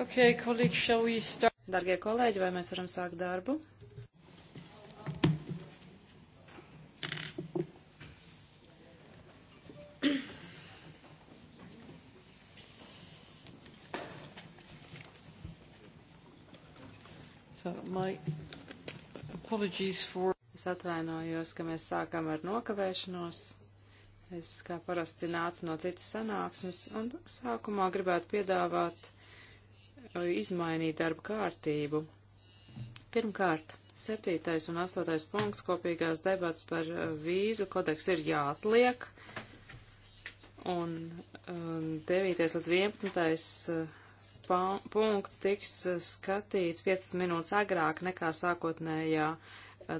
Okay, colleagues, shall we start? Dargie kolēģi, vai mēs varam sākt darbu? So my apologies for... Es atvainojos, ka mēs sākam ar nokavēšanos. Es kā parasti nācu no citas sanāksmes un sākumā gribētu piedāvāt izmainīt darba kārtību. Pirmkārt, septītais un astotais punkts kopīgās debats par uh, vīzu kodeks ir jāatliek, un um, devītais līdz vienpadsmitais uh, punkts tiks uh, skatīts 15 minūtes agrāk nekā sākotnējā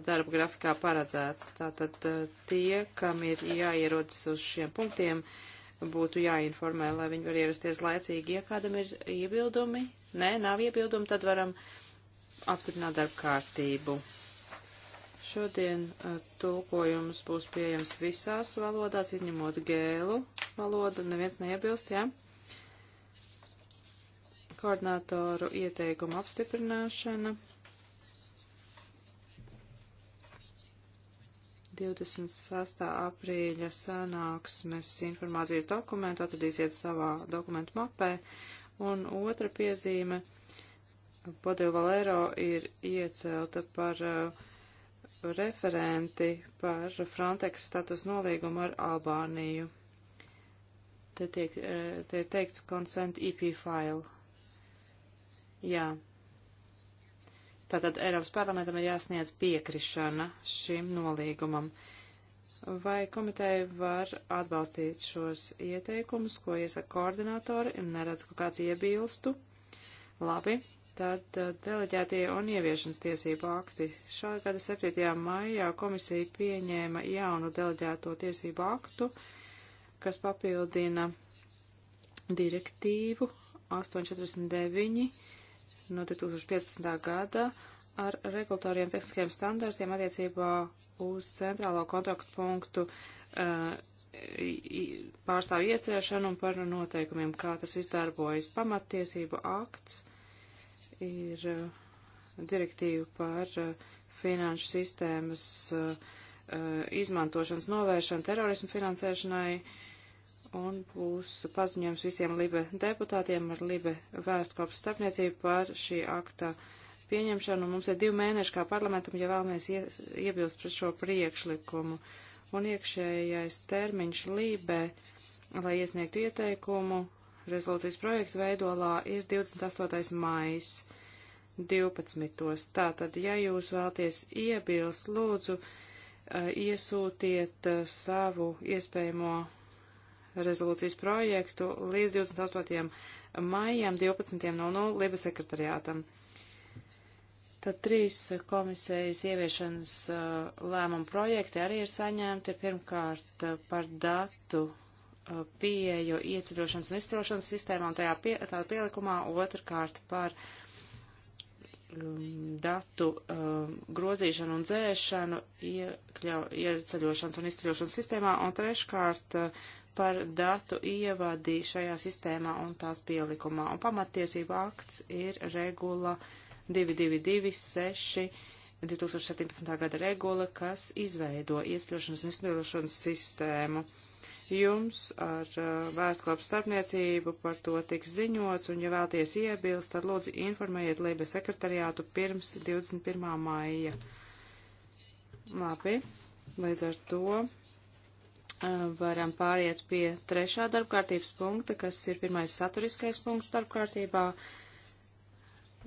darba grafikā paredzēts. Tātad tie, kam ir jāierodas uz šiem punktiem, būtu jāinformē, lai viņi var ierasties laicīgi. Ja kādam ir iebildumi, Nē, nav iebildumu, tad varam apstiprināt darba kārtību. Šodien uh, tulkojums būs pieejams visās valodās, izņemot gēlu valodu. Neviens neiebilst, jā? Ja? Koordinātoru ieteikumu apstiprināšana. 26. aprīļa sanāksmes informācijas dokumentu atradīsiet savā dokumentu mapē. Uh, Un otra piezīme, Bodil Valero ir iecelta par uh, referenti par Frontex status nolīgumu ar Albāniju. Te tiek uh, te teikts consent EP file. Jā. Tātad Eiropas parlamentam ir jāsniedz piekrišana šim nolīgumam. Uh, Vai komiteja var atbalstīt šos ieteikumus, ko iesaka koordinātori, un neredz, ka kāds iebilstu? Labi, tad eh, deleģētie un ieviešanas tiesību akti. Šā gada 7. maijā komisija pieņēma jaunu deleģēto tiesību aktu, kas papildina direktīvu 849 no 2015. gada ar regulatoriem tehniskiem standartiem attiecībā uz centrālo kontaktpunktu uh, pārstāvju iecēšanu un par noteikumiem, kā tas viss darbojas. Pamattiesību akts ir uh, direktīva par uh, finanšu sistēmas uh, uh, izmantošanas novēršanu terorismu finansēšanai un būs paziņojums visiem Libe deputātiem ar Libe vēstkopu starpniecību par šī akta uh, pieņemšanu, un mums ir divi mēneši kā parlamentam, ja vēlamies iebilst pret šo priekšlikumu. Un iekšējais termiņš lībē, lai iesniegtu ieteikumu, rezolūcijas projektu veidolā ir 28. maijs 12. Tātad, ja jūs vēlties iebilst, lūdzu, eh, iesūtiet eh, savu iespējamo rezolūcijas projektu līdz 28. maijam 12.00 Lieba sekretariātam. Tad trīs komisijas ieviešanas uh, lēmuma projekti arī ir saņemti. Pirmkārt, uh, par datu uh, pieeju ieceļošanas un izceļošanas sistēmā un tajā pie, tādā pielikumā. Otrkārt, par um, datu um, grozīšanu un dzēšanu iekļau, ieceļošanas un izceļošanas sistēmā, un treškārt uh, par datu ievadī šajā sistēmā un tās pielikumā. Un pamatiesība akts ir regula 222 6 2017. gada regula, kas izveido iesļošanas un izsmirošanas sistēmu. Jums ar uh, vēstkopu starpniecību par to tiks ziņots, un ja vēlties iebilst, tad lūdzu informējiet Lībe sekretariātu pirms 21. maija. Labi, līdz ar to uh, varam pāriet pie trešā darbkārtības punkta, kas ir pirmais saturiskais punkts darbkārtībā. kārtībā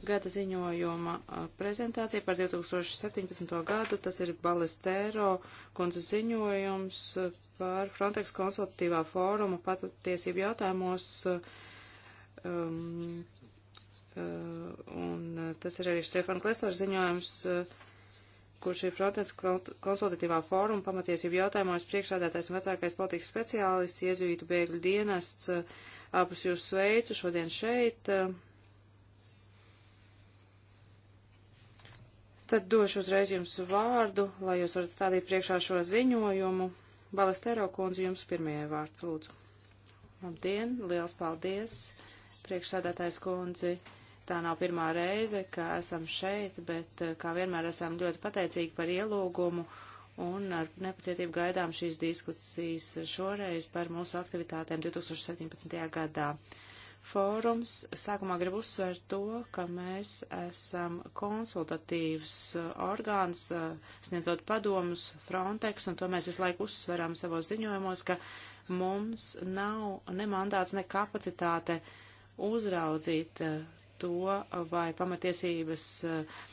gada ziņojuma prezentācija par 2017. gadu. Tas ir Balestēro kundzes ziņojums par Frontex konsultatīvā fóruma patiesību jautājumos. Um, un tas ir arī Štefan Klestars ziņojums, kurš ir Frontex konsultatīvā fóruma pamatiesību jautājumos priekšādātais un vecākais politikas speciālists, iezīvītu bēgļu dienests, apus jūs sveicu šodien šeit. Uh, Tad došu uzreiz jums vārdu, lai jūs varat stādīt priekšā šo ziņojumu. Balestero kundze, jums pirmajai vārds, lūdzu. Labdien, liels paldies, priekšsādātājs kundzi. Tā nav pirmā reize, ka esam šeit, bet eh, kā vienmēr esam ļoti pateicīgi par ielūgumu un ar nepacietību gaidām šīs diskusijas šoreiz par mūsu aktivitātēm 2017. gadā fórums. Sākumā gribu uzsvērt to, ka mēs esam konsultatīvs uh, orgāns, uh, sniedzot padomus Frontex, un to mēs visu laiku uzsveram savos ziņojumos, ka mums nav ne mandāts, ne kapacitāte uzraudzīt uh, to, vai pamatiesības uh,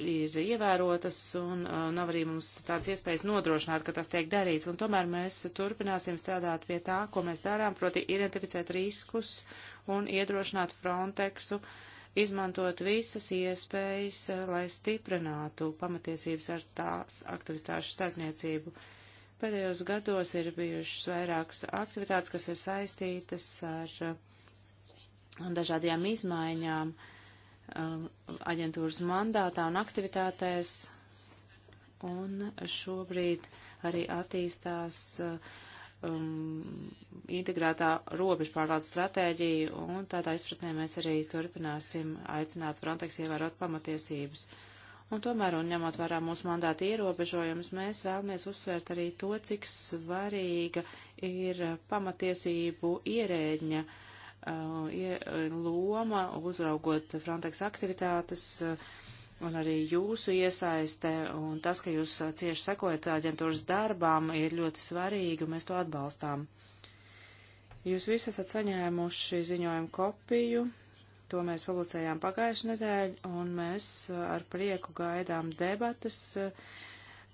ir ievērotas un uh, nav arī mums tādas iespējas nodrošināt, ka tas tiek darīts. Un tomēr mēs turpināsim strādāt pie tā, ko mēs darām, proti identificēt riskus un iedrošināt Frontexu, izmantot visas iespējas, uh, lai stiprinātu pamatiesības ar tās aktivitāšu starpniecību. Pēdējos gados ir bijušas vairākas aktivitātes, kas ir saistītas ar uh, dažādajām izmaiņām. Uh, Um, aģentūras mandātā un aktivitātēs, un šobrīd arī attīstās uh, um, integrētā robežu pārvaldes stratēģija, un tādā izpratnē mēs arī turpināsim aicināt Frontex ievērot pamatiesības. Un tomēr, un ņemot vērā mūsu mandāta ierobežojumus, mēs vēlamies uzsvērt arī to, cik svarīga ir pamatiesību ierēģņa uh, Uh, uh, loma uzraugot Frontex aktivitātes uh, un arī jūsu iesaiste un tas, ka jūs cieši sekojat aģentūras darbām, ir ļoti svarīgi un mēs to atbalstām. Jūs visi esat saņēmuši ziņojumu kopiju, to mēs publicējām pagājušajā nedēļā un mēs ar prieku gaidām debatas. Uh,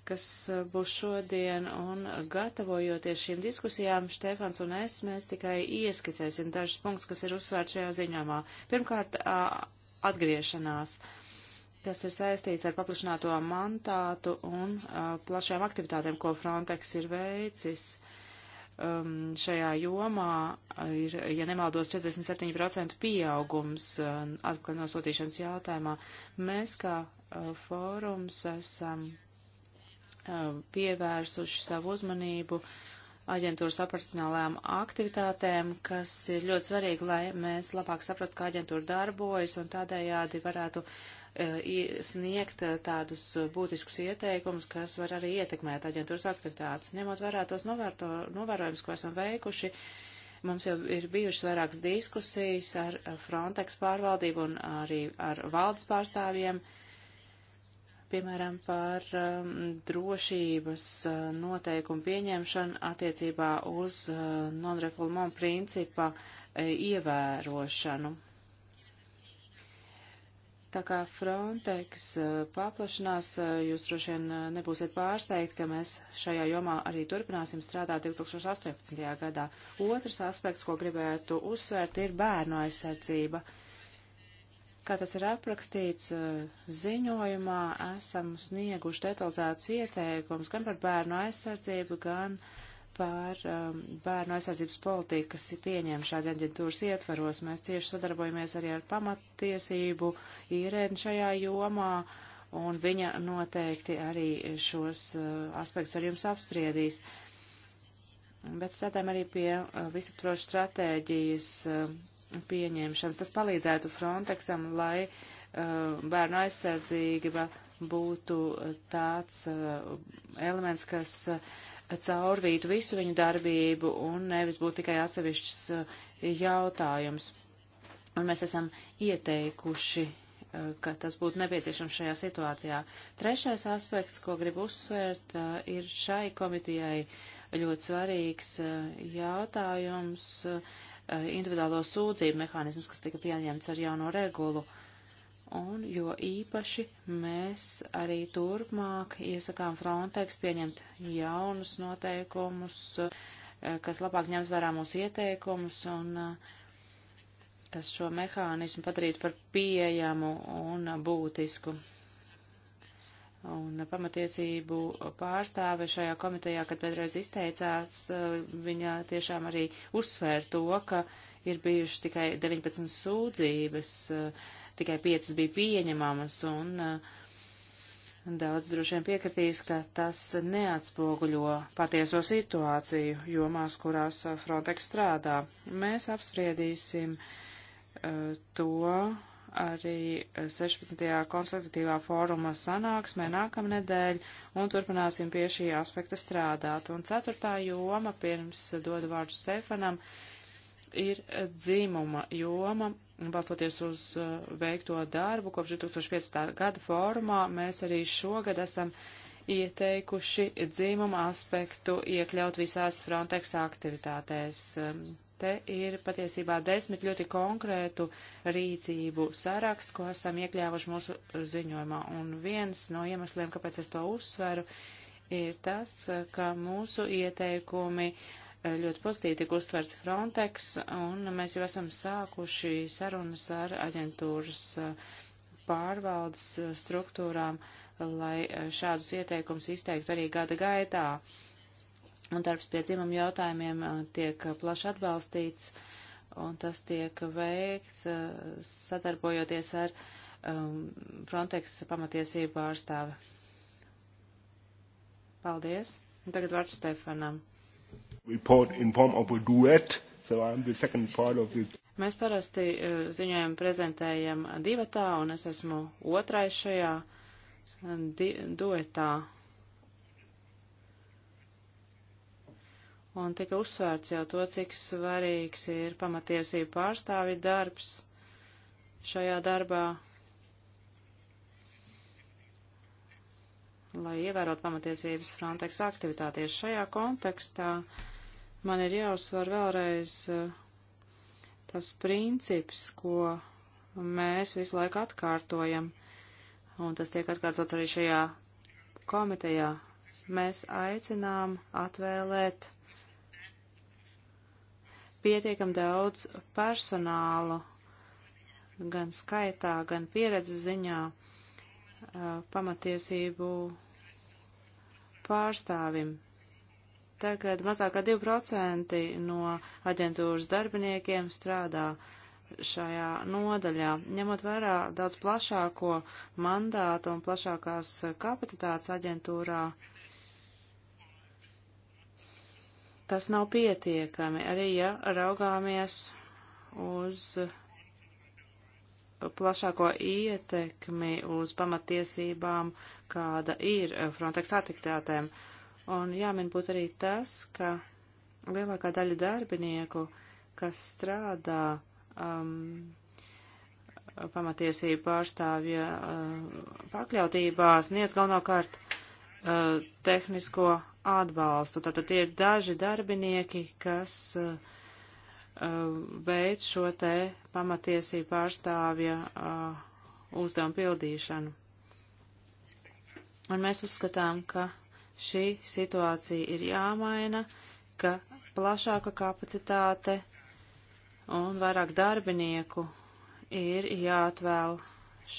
kas eh, būs šodien, un gatavojoties šīm diskusijām, Štefans un es, mēs tikai ieskicēsim dažus punktus, kas ir uzsvērts šajā ziņojumā. Pirmkārt, atgriešanās, kas ir saistīts ar paplašināto mantātu un plašajām aktivitātēm, ko Frontex ir veicis. Um, šajā jomā ir, ja nemaldos, 47% pieaugums atpakaļ nosūtīšanas jautājumā. Mēs kā fórums esam Uh, pievērsuši savu uzmanību aģentūras operacionālajām aktivitātēm, kas ir ļoti svarīgi, lai mēs labāk saprastu, kā aģentūra darbojas un tādējādi varētu uh, sniegt uh, tādus būtiskus ieteikumus, kas var arī ietekmēt aģentūras aktivitātes. Ņemot vērā tos novērto, novērojumus, ko esam veikuši, mums jau ir bijušas vairākas diskusijas ar Frontex pārvaldību un arī ar valdes pārstāvjiem. Uh, piemēram, par um, drošības uh, noteikumu pieņemšanu attiecībā uz uh, non-refoulement principa uh, ievērošanu. Tā kā Frontex uh, paplašanās, uh, jūs droši vien uh, nebūsiet pārsteigti, ka mēs šajā jomā arī turpināsim strādāt 2018. gadā. Otrs aspekts, ko gribētu uzsvērt, ir bērnu aizsardzība. Uh, Kā tas ir aprakstīts eh, ziņojumā, esam snieguši detalizētus ieteikumus gan par bērnu aizsardzību, gan par um, bērnu aizsardzības politikas pieņemšanu aģentūras ietvaros. Mēs cieši sadarbojamies arī ar pamattiesību īrēni šajā jomā, un viņa noteikti arī šos uh, aspektus ar jums apspriedīs. Bet strādājam arī pie uh, eh, visaptrošu stratēģijas. Uh, pieņemšanas. Tas palīdzētu Frontexam, lai uh, bērnu aizsardzība būtu uh, tāds uh, elements, kas uh, caurvītu visu viņu darbību un nevis būtu tikai atsevišķs uh, jautājums. Un mēs esam ieteikuši, uh, ka tas būtu nepieciešams šajā situācijā. Trešais aspekts, ko gribu uzsvērt, ir šai komitijai ļoti svarīgs jautājums Eh, individuālo sūdzību mehānisms, kas tika pieņemts ar jauno regulu. Un jo īpaši mēs arī turpmāk iesakām Frontex pieņemt jaunus noteikumus, eh, kas labāk ņems vērā mūsu ieteikumus un uh, kas šo mehānismu padarītu par pieejamu un būtisku. Un pamatiesību pārstāve šajā komitejā, kad vēlreiz izteicās, viņa tiešām arī uzsvēra to, ka ir bijušas tikai 19 sūdzības, tikai 5 bija pieņemamas, un uh, daudz droši vien piekritīs, ka tas neatspoguļo patieso situāciju jomās, kurās Frontex strādā. Mēs apspriedīsim uh, to arī 16. konsultatīvā fóruma sanāksmē nākamnedēļ un turpināsim pie šī aspekta strādāt. Un ceturtā joma, pirms dodu vārdu Stefanam, ir dzimuma joma. Balstoties uz uh, veikto darbu kopš 2015. gada fórumā, mēs arī šogad esam ieteikuši dzimuma aspektu iekļaut visās Frontex aktivitātēs. Um, Te ir patiesībā desmit ļoti konkrētu rīcību saraksts, ko esam iekļāvuši mūsu ziņojumā. Un viens no iemesliem, kāpēc es to uzsveru, ir tas, ka mūsu ieteikumi eh, ļoti pozitīvi tika uztverts Frontex, un mēs jau esam sākuši sarunas ar aģentūras eh, pārvaldes eh, struktūrām, lai šādus ieteikumus izteiktu arī gada gaitā. Uh, un darbs pie dzimumu jautājumiem uh, tiek uh, plaši atbalstīts, un tas tiek veikts uh, sadarbojoties ar um, Frontex pamatiesību pārstāvi. Paldies. Un tagad vārds Stefanam. Report in form of a duet, so I'm the second part of it. Mēs parasti ziņojumu prezentējam divatā, un es esmu otrais šajā duetā. un tika uzsvērts jau to, cik svarīgs ir pamatiesību pārstāvi darbs šajā darbā, lai ievērot pamatiesības Frontex aktivitāties. Šajā kontekstā man ir jāuzsver vēlreiz eh, tas princips, ko mēs visu laiku atkārtojam, un tas tiek atkārtots arī šajā komitejā. Mēs aicinām atvēlēt pietiekam daudz personālu, gan skaitā, gan pieredzes ziņā pamatiesību pārstāvim. Tagad mazāk kā 2% no aģentūras darbiniekiem strādā šajā nodaļā. Ņemot vērā daudz plašāko mandātu un plašākās kapacitātes aģentūrā, uh, tas nav pietiekami, arī ja raugāmies uz plašāko ietekmi uz pamatiesībām, kāda ir Frontex aktivitātēm. Un jāmin būtu arī tas, ka lielākā daļa darbinieku, kas strādā um, pamatiesību pārstāvja uh, pakļautībā, sniedz galvenokārt uh, tehnisko atbalstu. Tātad tie ir daži darbinieki, kas uh, uh, veic šo te pamatiesību pārstāvja uh, uzdevumu pildīšanu. Un mēs uzskatām, ka šī situācija ir jāmaina, ka plašāka kapacitāte un vairāk darbinieku ir jāatvēl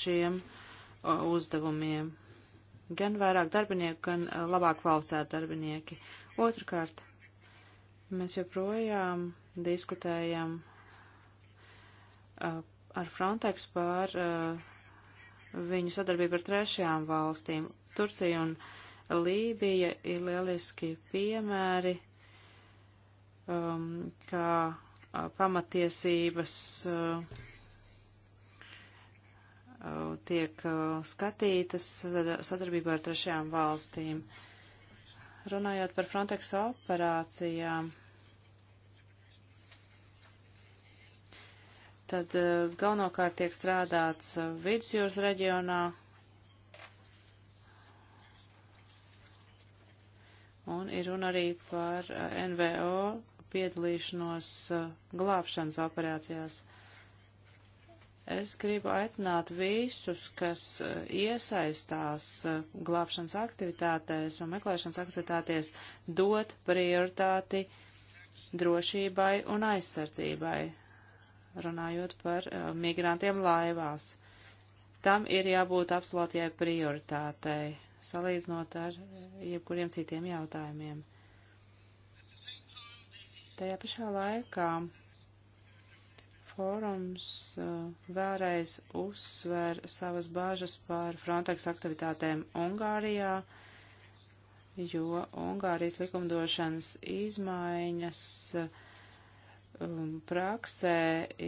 šiem uh, uzdevumiem gan vairāk darbinieku, gan eh, labāk kvalificēti darbinieki. Otrakārt, mēs joprojām diskutējam eh, ar Frontex par eh, viņu sadarbību ar trešajām valstīm. Turcija un Lībija ir lieliski piemēri, um, kā pamatiesības. Uh, Uh, tiek uh, skatītas sadarbībā ar trešajām valstīm. Runājot par Frontex operācijām, tad uh, galvenokārt tiek strādāts vidusjūras reģionā un ir runa arī par NVO piedalīšanos glābšanas operācijās. Es gribu aicināt visus, kas eh, iesaistās eh, glābšanas aktivitātēs un meklēšanas aktivitātēs, dot prioritāti drošībai un aizsardzībai, runājot par uh, migrantiem laivās. Tam ir jābūt absolūtajai prioritātei, salīdzinot ar jebkuriem citiem jautājumiem. Tajā pašā laikā Fórums eh, vēlreiz uzsver savas bāžas par Frontex aktivitātēm Ungārijā, jo Ungārijas likumdošanas izmaiņas eh, um, praksē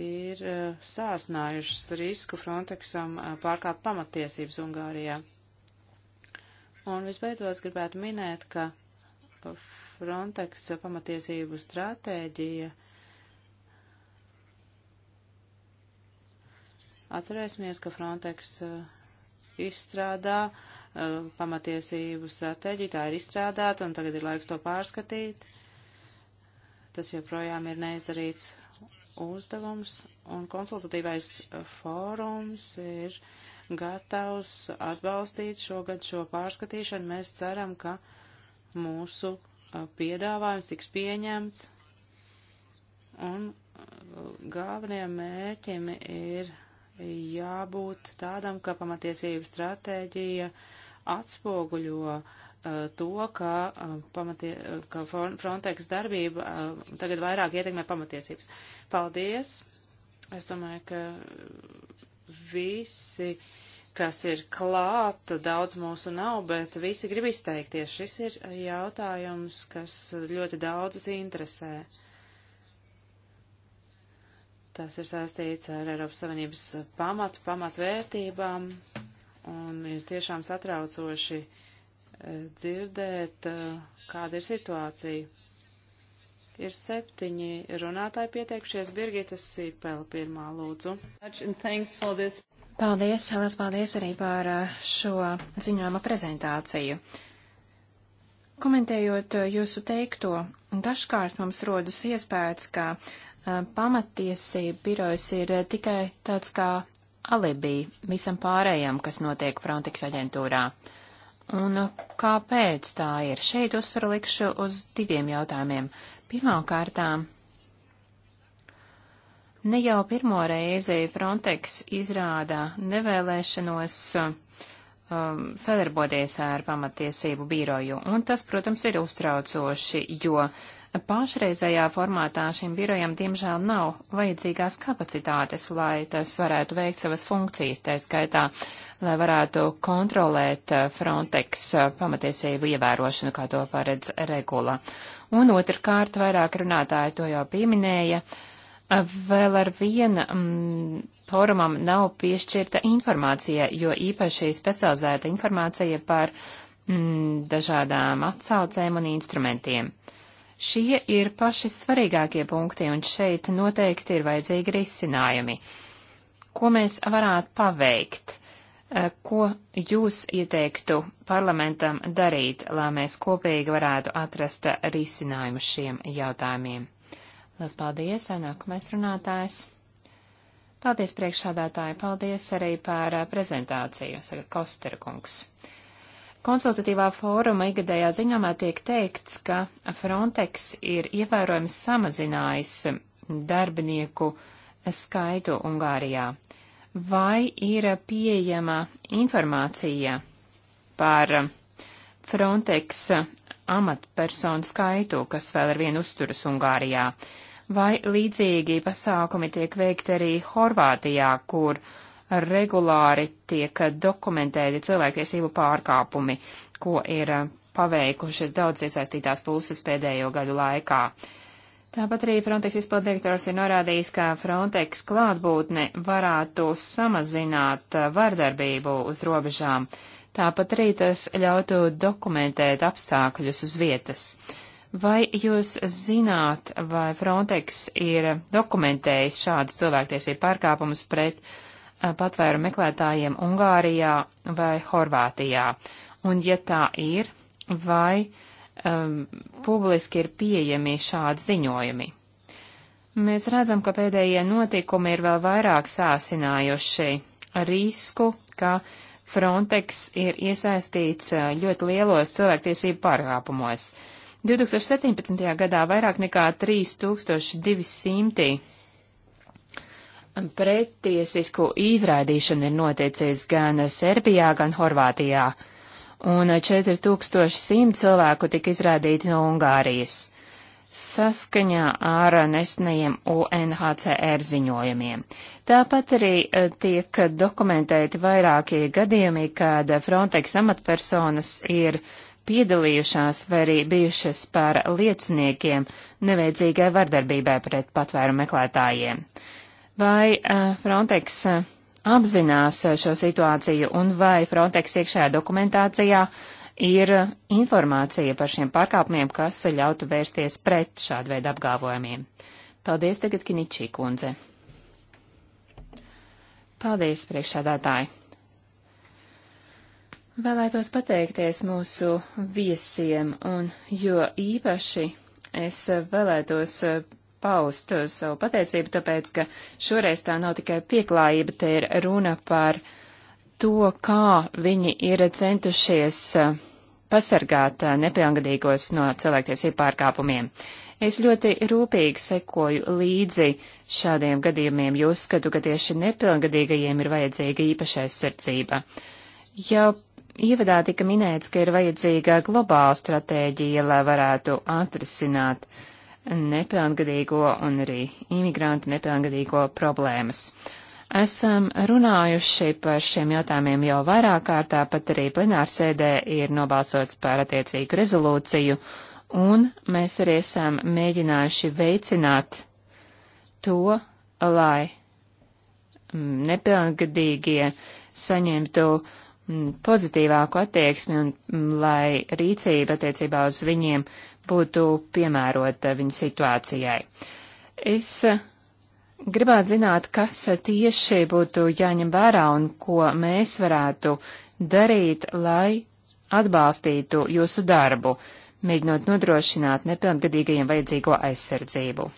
ir eh, sāsnājušas risku Frontexam pārkāpt pamatiesības Ungārijā. Un visbeidzot gribētu minēt, ka Frontex pamatiesību stratēģija Atcerēsimies, ka Frontex eh, izstrādā eh, pamatiesību stratēģiju, tā ir izstrādāta un tagad ir laiks to pārskatīt. Tas joprojām ir neizdarīts uzdevums un konsultatīvais eh, fórums ir gatavs atbalstīt šogad šo pārskatīšanu. Mēs ceram, ka mūsu piedāvājums tiks pieņemts un galvenajam mērķim ir jābūt tādam, ka pamatiesību stratēģija atspoguļo uh, to, ka, uh, pamatie, uh, ka Frontex darbība uh, tagad vairāk ietekmē pamatiesības. Paldies! Es domāju, ka visi, kas ir klāt, daudz mūsu nav, bet visi grib izteikties. Šis ir jautājums, kas ļoti daudzus interesē. Uh, Tas ir saistīts ar Eiropas Savienības pamatu, pamatvērtībām, un ir tiešām satraucoši eh, dzirdēt, eh, kāda ir situācija. Ir septiņi runātāji pieteikušies. Birgita Sīpela pirmā lūdzu. Paldies, liels paldies arī par eh, šo ziņojuma prezentāciju. Komentējot jūsu teikto, dažkārt mums rodas iespējas, ka Eh, pamatiesība birojas ir eh, tikai tāds kā alibi visam pārējam, kas notiek Frontex aģentūrā. Un eh, kāpēc tā ir? Šeit uzsvaru likšu uz diviem jautājumiem. Pirmkārtām, ne jau pirmo reizi Frontex izrāda nevēlēšanos uh, um, sadarboties ar pamatiesību biroju, un tas, protams, ir uztraucoši, jo pašreizējā formātā šim birojam, diemžēl, nav vajadzīgās kapacitātes, lai tas varētu veikt savas funkcijas, tā skaitā, lai varētu kontrolēt uh, Frontex uh, pamatiesību ievērošanu, kā to paredz regula. Un otrkārt, vairāk runātāji to jau pieminēja, uh, vēl ar viena mm, fórumam nav piešķirta informācija, jo īpaši specializēta informācija par mm, dažādām atsaucēm un instrumentiem. Šie ir paši svarīgākie punkti, un šeit noteikti ir vajadzīgi risinājumi. Ko mēs varētu paveikt? Eh, ko jūs ieteiktu parlamentam darīt, lai mēs kopīgi varētu atrast risinājumu šiem jautājumiem? Lielas paldies, nākamais runātājs. Paldies priekšādātāji, paldies arī par uh, prezentāciju, saka Kostera kungs. Konsultatīvā fóruma igadējā ziņomā tiek teikts, ka Frontex ir ievērojami samazinājis darbinieku skaitu Ungārijā. Vai ir pieejama informācija par Frontex amatpersonu skaitu, kas vēl ar vienu uzturas Ungārijā. Vai līdzīgi pasākumi tiek veikti arī Horvātijā, kur regulāri tiek dokumentēti cilvēktiesību pārkāpumi, ko ir paveikušas daudz iesaistītās puses pēdējo gadu laikā. Tāpat arī Frontex izpildirektors ir norādījis, ka Frontex klātbūtne varētu samazināt vardarbību uz robežām, Tāpat arī tas ļautu dokumentēt apstākļus uz vietas. Vai jūs zināt, vai Frontex ir dokumentējis šādus cilvēktiesību pārkāpumus pret eh, patvēru meklētājiem Ungārijā vai Horvātijā? Un ja tā ir, vai um, publiski ir pieejami šādi ziņojumi? Mēs redzam, ka pēdējie notikumi ir vēl vairāk sāsinājuši risku, ka Frontex ir iesaistīts ļoti lielos cilvēktiesību pārkāpumos. 2017. gadā vairāk nekā 3200 pretiesisku izraidīšanu ir noticis gan Serbijā, gan Horvātijā, un 4100 cilvēku tika izraidīti no Ungārijas saskaņā ar nesnajiem UNHCR ziņojumiem. Tāpat arī e, tiek dokumentēti vairākie gadījumi, kad Frontex amatpersonas ir piedalījušās vai arī bijušas par lieciniekiem neveicīgai vardarbībai pret patvēru meklētājiem. Vai e, Frontex e, apzinās šo situāciju un vai Frontex iekšējā dokumentācijā uh, ir informācija par šiem pārkāpumiem, kas ļautu vērsties pret šādu veidu apgāvojumiem. Paldies tagad Kiničī kundze. Paldies, priekšsādātāji. Vēlētos pateikties mūsu viesiem, un jo īpaši es vēlētos paust savu pateicību, tāpēc, ka šoreiz tā nav tikai pieklājība, te ir runa par uh, to, kā viņi ir centušies eh, pasargāt eh, nepilngadīgos no cilvēktiesību pārkāpumiem. Es ļoti rūpīgi sekoju līdzi šādiem gadījumiem, jo uzskatu, ka tieši nepilngadīgajiem ir vajadzīga īpaša aizsardzība. Jau ievadā tika minēts, ka ir vajadzīga globāla stratēģija, lai varētu atrisināt nepilngadīgo un arī imigrantu nepilngadīgo problēmas. Esam runājuši par šiem jautājumiem jau vairāk kārtā, pat arī plenārsēdē ir nobalsots par attiecīgu rezolūciju, un mēs arī esam mēģinājuši veicināt to, lai mm, nepilngadīgie saņemtu mm, pozitīvāku attieksmi un mm, lai rīcība attiecībā uz viņiem būtu piemērota viņu situācijai. Es Gribētu zināt, kas tieši būtu jāņem vērā un ko mēs varētu darīt, lai atbalstītu jūsu darbu, mēģinot nodrošināt nepilngadīgajiem vajadzīgo aizsardzību.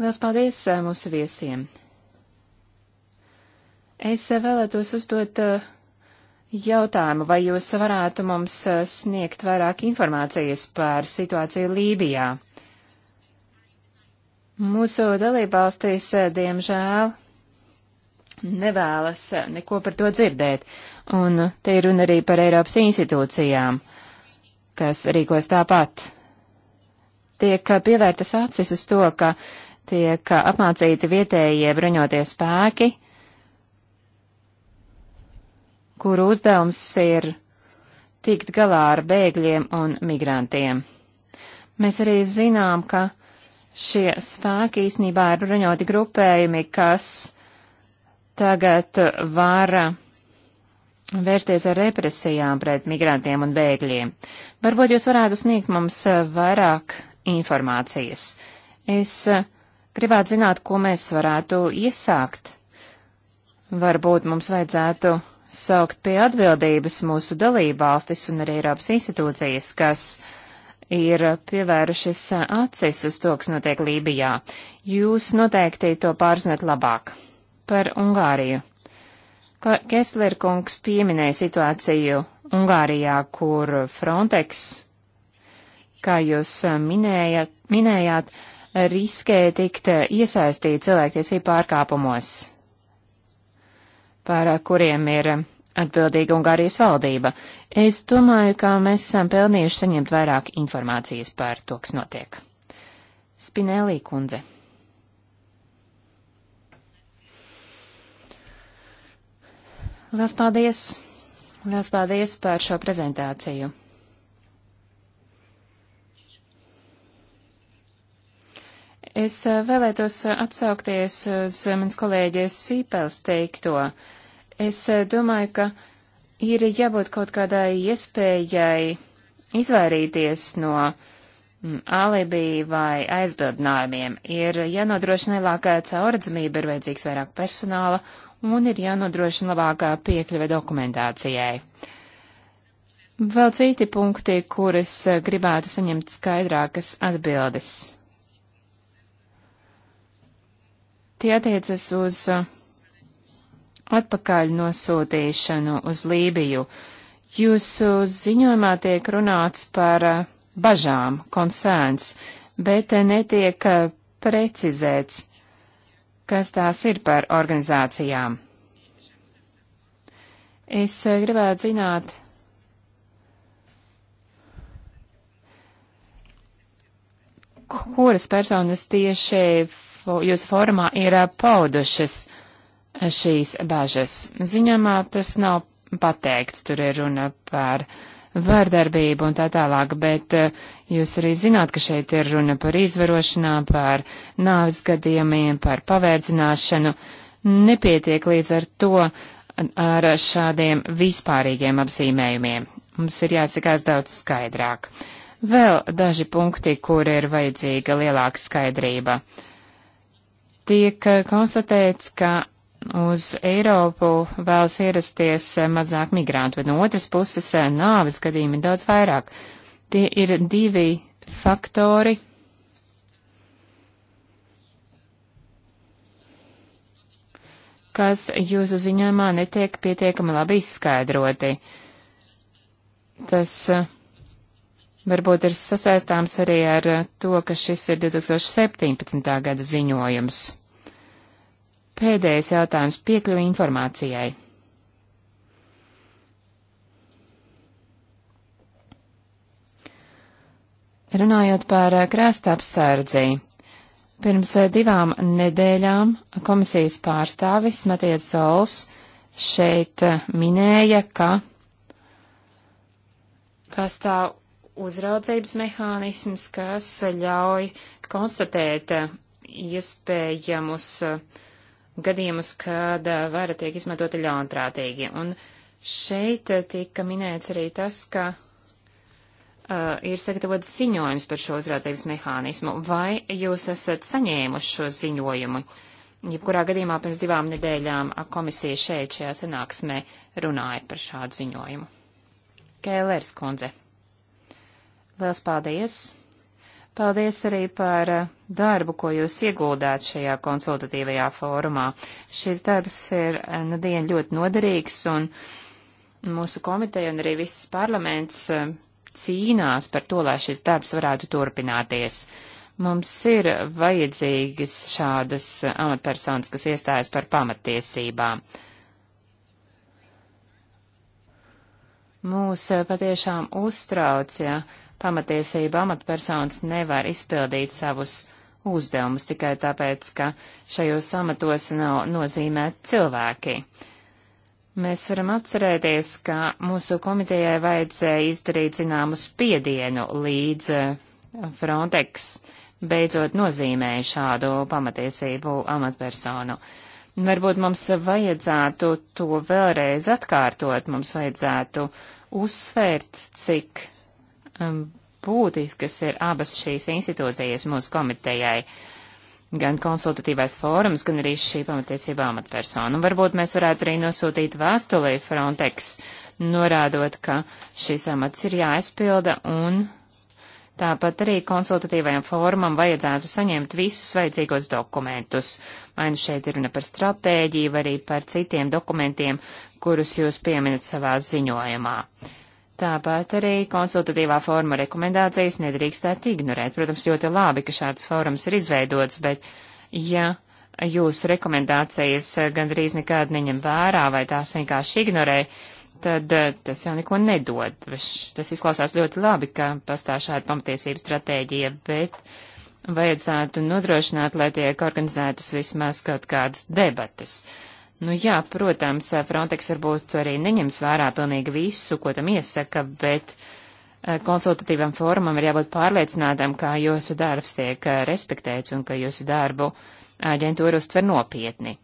Lielas paldies eh, mūsu viesiem! Es eh, vēlētos uzdot eh, jautājumu, vai jūs varētu mums sniegt vairāk informācijas par situāciju Lībijā. Mūsu dalībvalstīs, eh, diemžēl, nevēlas eh, neko par to dzirdēt, un te ir runa arī par Eiropas institūcijām, kas rīkos tāpat. Tiek eh, pievērtas acis uz to, ka tiek apmācīti vietējie bruņotie spēki, kuru uzdevums ir tikt galā ar bēgļiem un migrantiem. Mēs arī zinām, ka Šie spēki īsnībā ir bruņoti grupējumi, kas tagad var vērsties ar represijām pret migrantiem un bēgļiem. Varbūt jūs varētu sniegt mums vairāk informācijas. Es gribētu zināt, ko mēs varētu iesākt. Varbūt mums vajadzētu saukt pie atbildības mūsu dalībvalstis un arī Eiropas institūcijas, kas ir pievērušas acis uz to, kas notiek Lībijā. Jūs noteikti to pārzinat labāk. Par Ungāriju. Kessler kungs pieminēja situāciju Ungārijā, kur Frontex, kā jūs minējat, minējāt, riskē tikt iesaistīti cilvēktiesību pārkāpumos, par kuriem ir atbildīga Ungārijas valdība. Es domāju, ka mēs esam pelnījuši saņemt vairāk informācijas par to, kas notiek. Spinelī kundze. Liels paldies! Liels paldies par šo prezentāciju! Es eh, vēlētos eh, atsaukties uz manas kolēģis Sīpels teikto. Uh, Es eh, domāju, ka ir jābūt kaut kādai iespējai izvairīties no mm, alibī vai aizbildinājumiem. Ir jānodrošina lielākā caurredzamība, ir vajadzīgs vairāk personāla un ir jānodrošina labākā piekļuve dokumentācijai. Vēl citi punkti, kuras eh, gribētu saņemt skaidrākas atbildes. Tie attiecas uz uh, atpakaļ nosūtīšanu uz Lībiju. Jūsu ziņojumā tiek runāts par uh, bažām, konsērns, bet uh, netiek uh, precizēts, kas tās ir par organizācijām. Es gribētu zināt, kuras personas tieši jūsu formā ir paudušas uh, šīs bažas. Ziņamā tas nav pateikts, tur ir runa par vārdarbību un tā tālāk, bet eh, jūs arī zināt, ka šeit ir runa par izvarošanām, par nāvis gadījumiem, par pavērdzināšanu. Nepietiek līdz ar to ar šādiem vispārīgiem apzīmējumiem. Mums ir jāsakās daudz skaidrāk. Vēl daži punkti, kur ir vajadzīga lielāka skaidrība. Tiek eh, konstatēts, ka uz Eiropu vēlas ierasties eh, mazāk migrantu, bet no otras puses eh, nāves gadījumi ir daudz vairāk. Tie ir divi faktori. kas jūsu ziņojumā netiek pietiekami labi izskaidroti. Tas eh, varbūt ir sasaistāms arī ar to, ka šis ir 2017. gada ziņojums. Pēdējais jautājums - piekļuvi informācijai. Runājot par krāsta apsardzi, pirms divām nedēļām komisijas pārstāvis Matijas Sols šeit minēja, ka pastāv uzraudzības mehānisms, kas ļauj konstatēt iespējamus uh, gadījumus, kad eh, vara tiek izmantota ļaunprātīgi. Un šeit eh, tika minēts arī tas, ka uh, ir sagatavots ziņojums par šo uzraudzības mehānismu. Vai jūs esat saņēmuši šo ziņojumu? Jebkurā gadījumā pirms divām nedēļām komisija šeit šajā sanāksmē runāja par šādu ziņojumu. Kēlērs kundze. Liels paldies! Paldies arī par darbu, ko jūs ieguldāt šajā konsultatīvajā fórumā. Šis darbs ir nu dien ļoti noderīgs un mūsu komiteja un arī viss parlaments eh, cīnās par to, lai šis darbs varētu turpināties. Mums ir vajadzīgas šādas amatpersonas, kas iestājas par pamatiesībām. Mūs eh, patiešām uztrauc, ja pamatiesība amatpersonas nevar izpildīt savus uzdevumus tikai tāpēc, ka šajos amatos nav nozīmēti cilvēki. Mēs varam atcerēties, ka mūsu komitejai vajadzēja izdarīt zināmu spiedienu līdz eh, Frontex beidzot nozīmēja šādu pamatiesību amatpersonu. Varbūt mums vajadzētu to vēlreiz atkārtot, mums vajadzētu uzsvērt, cik Um, būtiskas ir abas šīs institūcijas mūsu komitejai gan konsultatīvais fórums, gan arī šī pamatiesība amatpersona. Un nu, varbūt mēs varētu arī nosūtīt vēstulī Frontex, norādot, ka šis amats ir jāizpilda un tāpat arī konsultatīvajam fórumam vajadzētu saņemt visus vajadzīgos dokumentus. Vai nu šeit ir runa par stratēģiju, vai arī par citiem dokumentiem, kurus jūs pieminat savā ziņojumā. Uh, Tāpat arī konsultatīvā forma rekomendācijas nedrīkstētu ignorēt. Protams, ļoti labi, ka šāds fórums ir izveidots, bet ja jūsu rekomendācijas gandrīz nekad neņem vērā vai tās vienkārši ignorē, tad eh, tas jau neko nedod. Tas izklausās ļoti labi, ka pastāv šāda pamatiesība stratēģija, bet vajadzētu nodrošināt, lai tiek organizētas vismaz kaut kādas debatas. Uh, Nu jā, protams, Frontex varbūt arī neņems vērā pilnīgi visu, ko tam iesaka, bet eh, konsultatīvam fórumam ir jābūt pārliecinātam, ka jūsu darbs tiek eh, respektēts un ka jūsu darbu aģentūra uztver nopietni.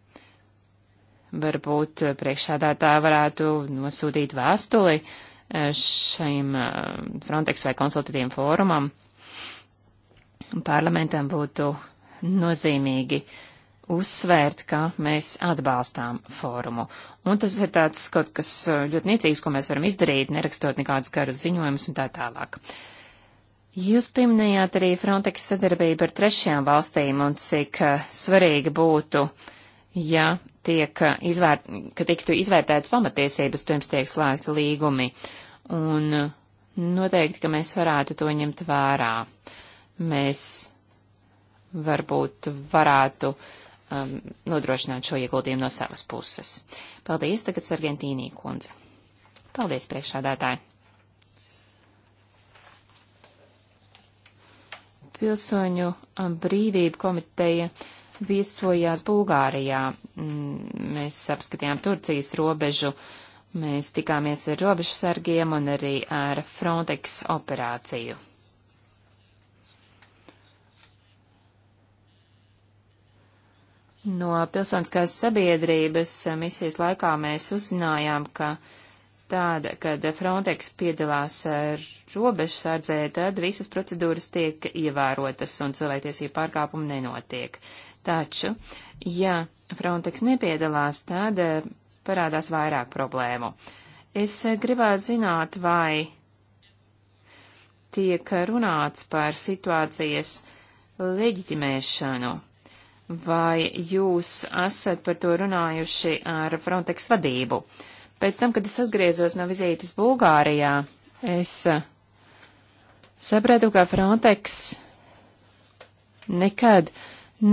Varbūt eh, priekšādātā varētu nosūtīt vēstuli šim Frontex vai konsultatīvam fórumam. Parlamentam būtu nozīmīgi uh, uzsvērt, ka mēs atbalstām fórumu. Un tas ir tāds kaut kas uh, ļoti niecīgs, ko mēs varam izdarīt, nerakstot nekādus garus ziņojumus un tā tālāk. Jūs pieminējāt arī Frontex sadarbību ar trešajām valstīm un cik uh, svarīgi būtu, ja tiek uh, izvērt, ka tiktu izvērtētas pamatiesības pirms tiek slēgti līgumi. Un noteikti, ka mēs varētu to ņemt vērā. Mēs varbūt varētu uh, um, nodrošināt šo ieguldījumu no savas puses. Paldies, tagad Sargentīnī kundze. Paldies, priekšādātāji. Pilsoņu um, brīvību komiteja viesojās Bulgārijā. Mm, mēs apskatījām Turcijas robežu. Mēs tikāmies ar robežsargiem un arī ar Frontex operāciju. No pilsoniskās sabiedrības misijas laikā mēs uzzinājām, ka tāda, kad Frontex piedalās robežsardzē, tad visas procedūras tiek ievērotas un cilvēktiesību pārkāpumi nenotiek. Taču, ja Frontex nepiedalās, tad eh, parādās vairāk problēmu. Es eh, gribētu zināt, vai tiek runāts par situācijas leģitimēšanu vai jūs esat par to runājuši ar Frontex vadību. Pēc tam, kad es atgriezos no vizītes Bulgārijā, es eh, sapratu, ka Frontex nekad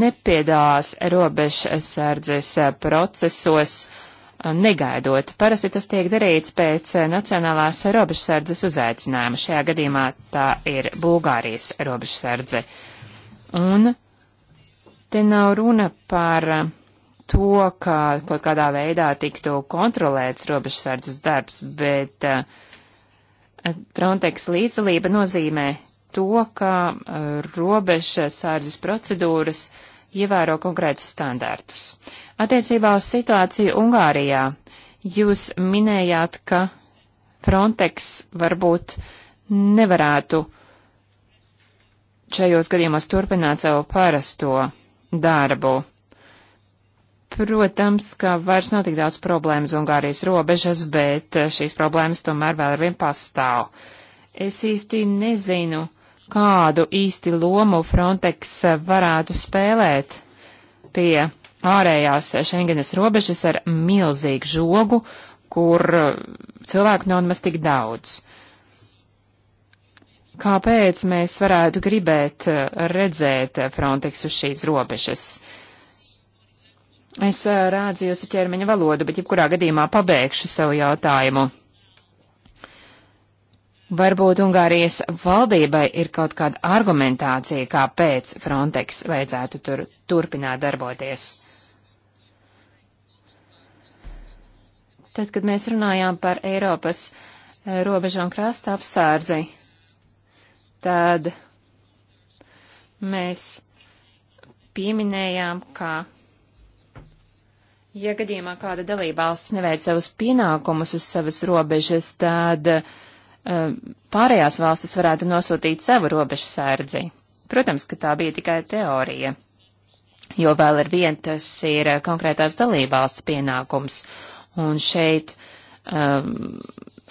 nepiedalās robežsardzes procesos eh, negaidot. Parasti tas tiek darīts pēc eh, Nacionālās robežsardzes uzaicinājuma. Šajā gadījumā tā ir Bulgārijas robežsardze. Un Te nav runa par uh, to, ka kaut kādā veidā tiktu kontrolēts robežsardzes darbs, bet uh, Frontex līdzdalība nozīmē to, ka uh, robežsardzes procedūras ievēro konkrētus standārtus. Attiecībā uz situāciju Ungārijā jūs minējāt, ka Frontex varbūt nevarētu šajos gadījumos turpināt savu parasto darbu. Protams, ka vairs nav tik daudz problēmas Ungārijas robežas, bet eh, šīs problēmas tomēr vēl ar vien pastāv. Es īsti nezinu, kādu īsti lomu Frontex varētu spēlēt pie ārējās Schengenes robežas ar milzīgu žogu, kur eh, cilvēku nav nemaz tik daudz. Uh, Kāpēc mēs varētu gribēt eh, redzēt eh, Frontex uz šīs robežas? Es eh, rādzu jūsu ķermeņa valodu, bet jebkurā gadījumā pabeigšu savu jautājumu. Varbūt Ungārijas valdībai ir kaut kāda argumentācija, kāpēc Frontex vajadzētu tur turpināt darboties. Tad, kad mēs runājām par Eiropas robežu un krasta apsārdzi, tad mēs pieminējām, ka, ja gadījumā kāda dalībvalsts neveic savus pienākumus uz savas robežas, tad uh, pārējās valstis varētu nosūtīt savu robežu sārdzi. Protams, ka tā bija tikai teorija, jo vēl ar vien tas ir konkrētās dalībvalsts pienākums, un šeit um,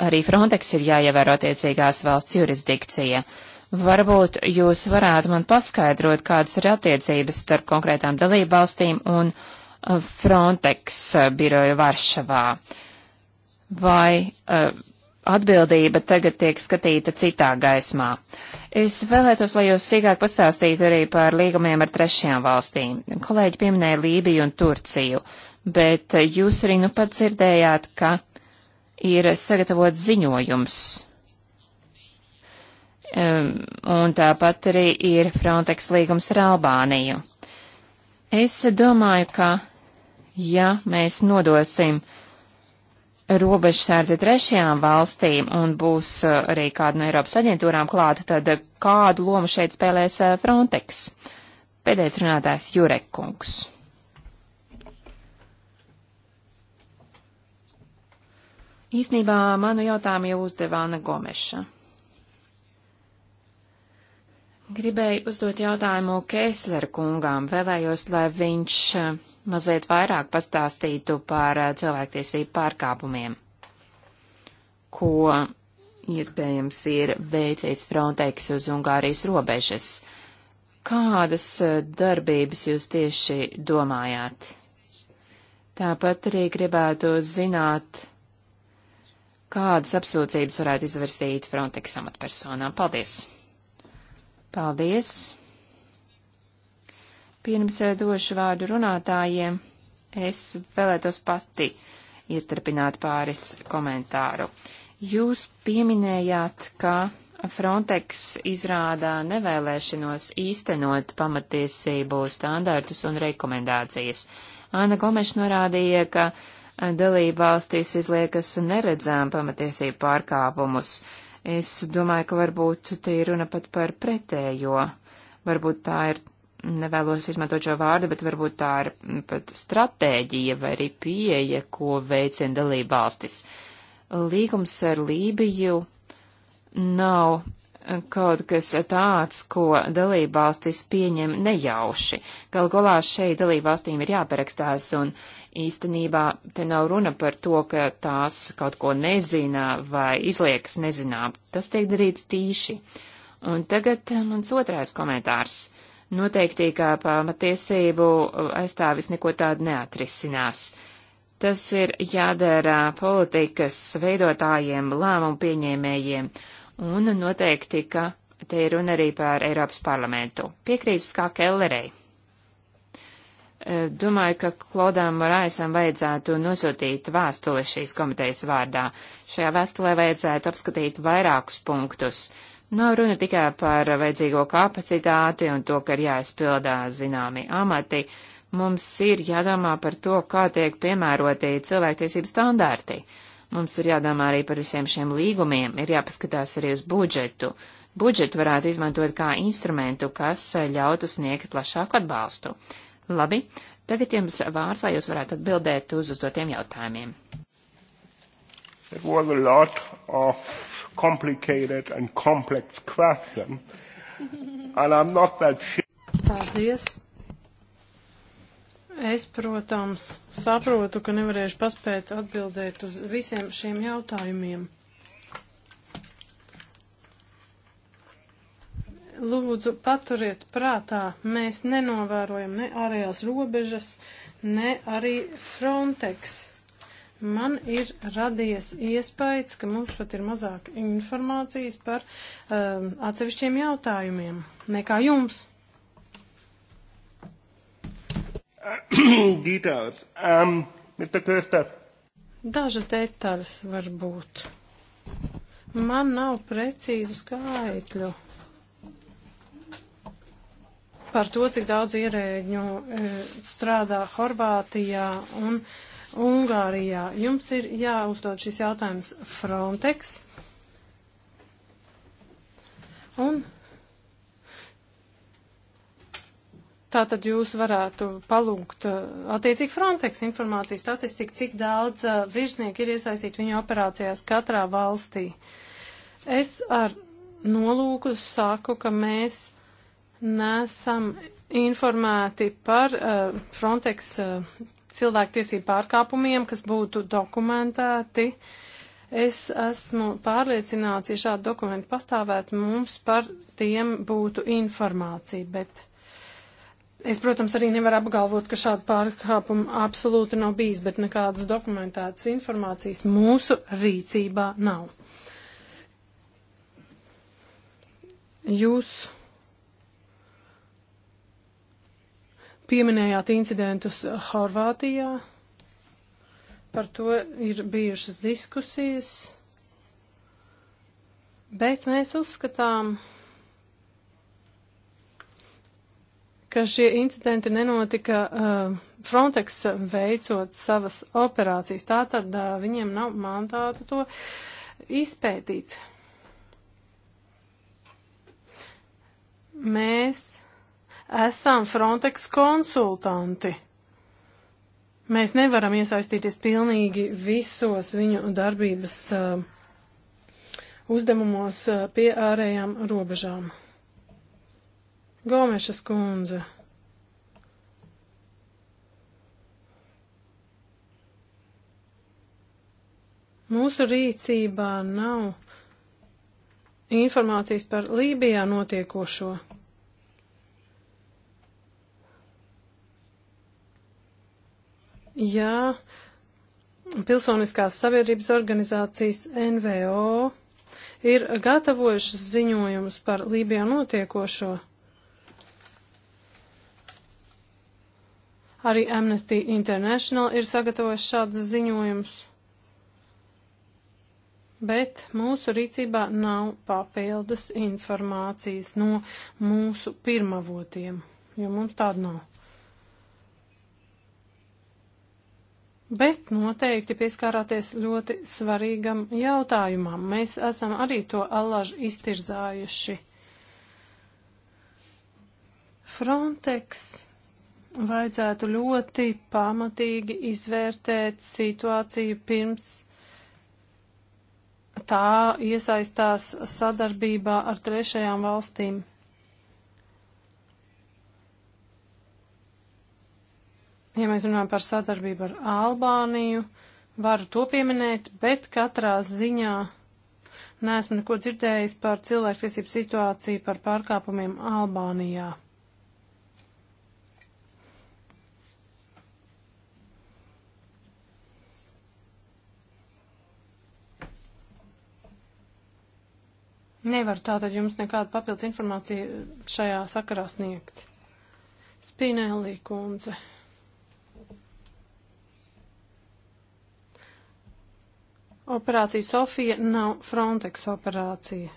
arī Frontex ir jāievēro attiecīgās valsts jurisdikcija. Uh, Varbūt jūs varētu man paskaidrot, kādas ir attiecības starp konkrētām dalībvalstīm un uh, Frontex uh, biroju Varšavā. Vai uh, atbildība tagad tiek skatīta citā gaismā? Es vēlētos, lai jūs sīkāk pastāstītu arī par līgumiem ar trešajām valstīm. Kolēģi pieminēja Lībiju un Turciju, bet uh, jūs arī nu pat dzirdējāt, ka ir sagatavots ziņojums Um, un tāpat arī ir Frontex līgums ar Albāniju. Es domāju, ka ja mēs nodosim robežsardzi trešajām valstīm un būs uh, arī kāda no Eiropas aģentūrām klāta, tad kādu lomu šeit spēlēs uh, Frontex? Pēdējais runātājs Jurekungs. Īsnībā manu jautājumu jau uzdeva Anna Gomeša. Gribēju uzdot jautājumu Kēslera kungām. Vēlējos, lai viņš eh, mazliet vairāk pastāstītu par eh, cilvēktiesību pārkāpumiem, ko iespējams ir veicis Frontex uz Ungārijas robežas. Kādas eh, darbības jūs tieši domājāt? Tāpat arī gribētu zināt, kādas apsūdzības varētu izvirzīt Frontex amatpersonām. Paldies! Paldies! Pirms eh, došu vārdu runātājiem, es vēlētos pati iestarpināt pāris komentāru. Jūs pieminējāt, ka Frontex izrādā nevēlēšanos īstenot pamatiesību standartus un rekomendācijas. Āna Gomeša norādīja, ka eh, dalība valstīs izliekas neredzām pamatiesību pārkāpumus. Uh, Es domāju, ka varbūt te ir runa pat par pretējo. Varbūt tā ir, nevēlos izmantot šo vārdu, bet varbūt tā ir pat stratēģija vai arī pieeja, ko veicina dalība valstis. Līgums ar Lībiju nav kaut kas tāds, ko dalībvalstis pieņem nejauši. Gal galā šeit dalībvalstīm ir jāperakstās, un īstenībā te nav runa par to, ka tās kaut ko nezina vai izliekas nezinām. Tas tiek darīts tīši. Un tagad mans otrais komentārs. Noteikti, ka pamatiesību aizstāvis neko tādu neatrisinās. Tas ir jādara politikas veidotājiem, lēmumu pieņēmējiem un noteikti, ka te ir runa arī par Eiropas parlamentu. Piekrītu Skā Kellerei. E, domāju, ka Klodām Moraisam vajadzētu nosūtīt vēstuli šīs komitejas vārdā. Šajā vēstulē vajadzētu apskatīt vairākus punktus. Nav runa tikai par vajadzīgo kapacitāti un to, ka ir jāizpildā zināmi amati. Mums ir jādomā par to, kā tiek piemēroti cilvēktiesību standārti. Uh, Mums ir jādomā arī par visiem šiem līgumiem, ir jāpaskatās arī uz budžetu. Budžetu varētu izmantot kā instrumentu, kas eh, ļautu sniegt plašāku atbalstu. Labi, tagad jums vārds, lai jūs varētu atbildēt uz uzdotiem jautājumiem. It was a lot of complicated and complex question, and I'm not that sure. Paldies. Es, protams, saprotu, ka nevarēšu paspēt atbildēt uz visiem šiem jautājumiem. Lūdzu, paturiet prātā, mēs nenovērojam ne ārējās robežas, ne arī Frontex. Man ir radies iespējas, ka mums pat ir mazāk informācijas par um, atsevišķiem jautājumiem nekā jums. details. Um, Mr. Köster. Dažas detaļas varbūt. Man nav precīzu skaitļu par to, cik daudz ierēģu e, strādā Horvātijā un Ungārijā. Jums ir jāuzdod šis jautājums Frontex. Un Tātad jūs varētu palūgt eh, attiecīgi Frontex informāciju statistiku, cik daudz eh, virsnieku ir iesaistīti viņu operācijās katrā valstī. Es ar nolūku saku, ka mēs nesam informēti par uh, Frontex uh, cilvēktiesību pārkāpumiem, kas būtu dokumentēti. Es esmu pārliecināts, ja šādi dokumenti pastāvētu, mums par tiem būtu informācija, bet Es, protams, arī nevaru apgalvot, ka šāda pārkāpuma absolūti nav bijis, bet nekādas dokumentētas informācijas mūsu rīcībā nav. Jūs pieminējāt incidentus Horvātijā. Par to ir bijušas diskusijas. Bet mēs uzskatām, ka ka šie incidenti nenotika uh, Frontex veicot savas operācijas. Tātad uh, viņiem nav mandāta to izpētīt. Mēs esam Frontex konsultanti. Mēs nevaram iesaistīties pilnīgi visos viņu darbības uh, uzdevumos uh, pie ārējām robežām. Gomešas kundze. Mūsu rīcībā nav informācijas par Lībijā notiekošo. Jā, pilsoniskās sabiedrības organizācijas NVO ir gatavojušas ziņojumus par Lībijā notiekošo. Arī Amnesty International ir sagatavojis šādus ziņojumus. Bet mūsu rīcībā nav papildus informācijas no mūsu pirmavotiem, jo mums tāda nav. Bet noteikti pieskārāties ļoti svarīgam jautājumam. Mēs esam arī to allaž iztirzājuši. Frontex vajadzētu ļoti pamatīgi izvērtēt situāciju pirms tā iesaistās sadarbībā ar trešajām valstīm. Ja mēs runājam par sadarbību ar Albāniju, varu to pieminēt, bet katrā ziņā neesmu neko dzirdējis par cilvēktiesību situāciju par pārkāpumiem Albānijā. Nevar tātad jums nekādu papildus informāciju šajā sakarā sniegt. Spinelli kundze. Operācija Sofija nav Frontex operācija.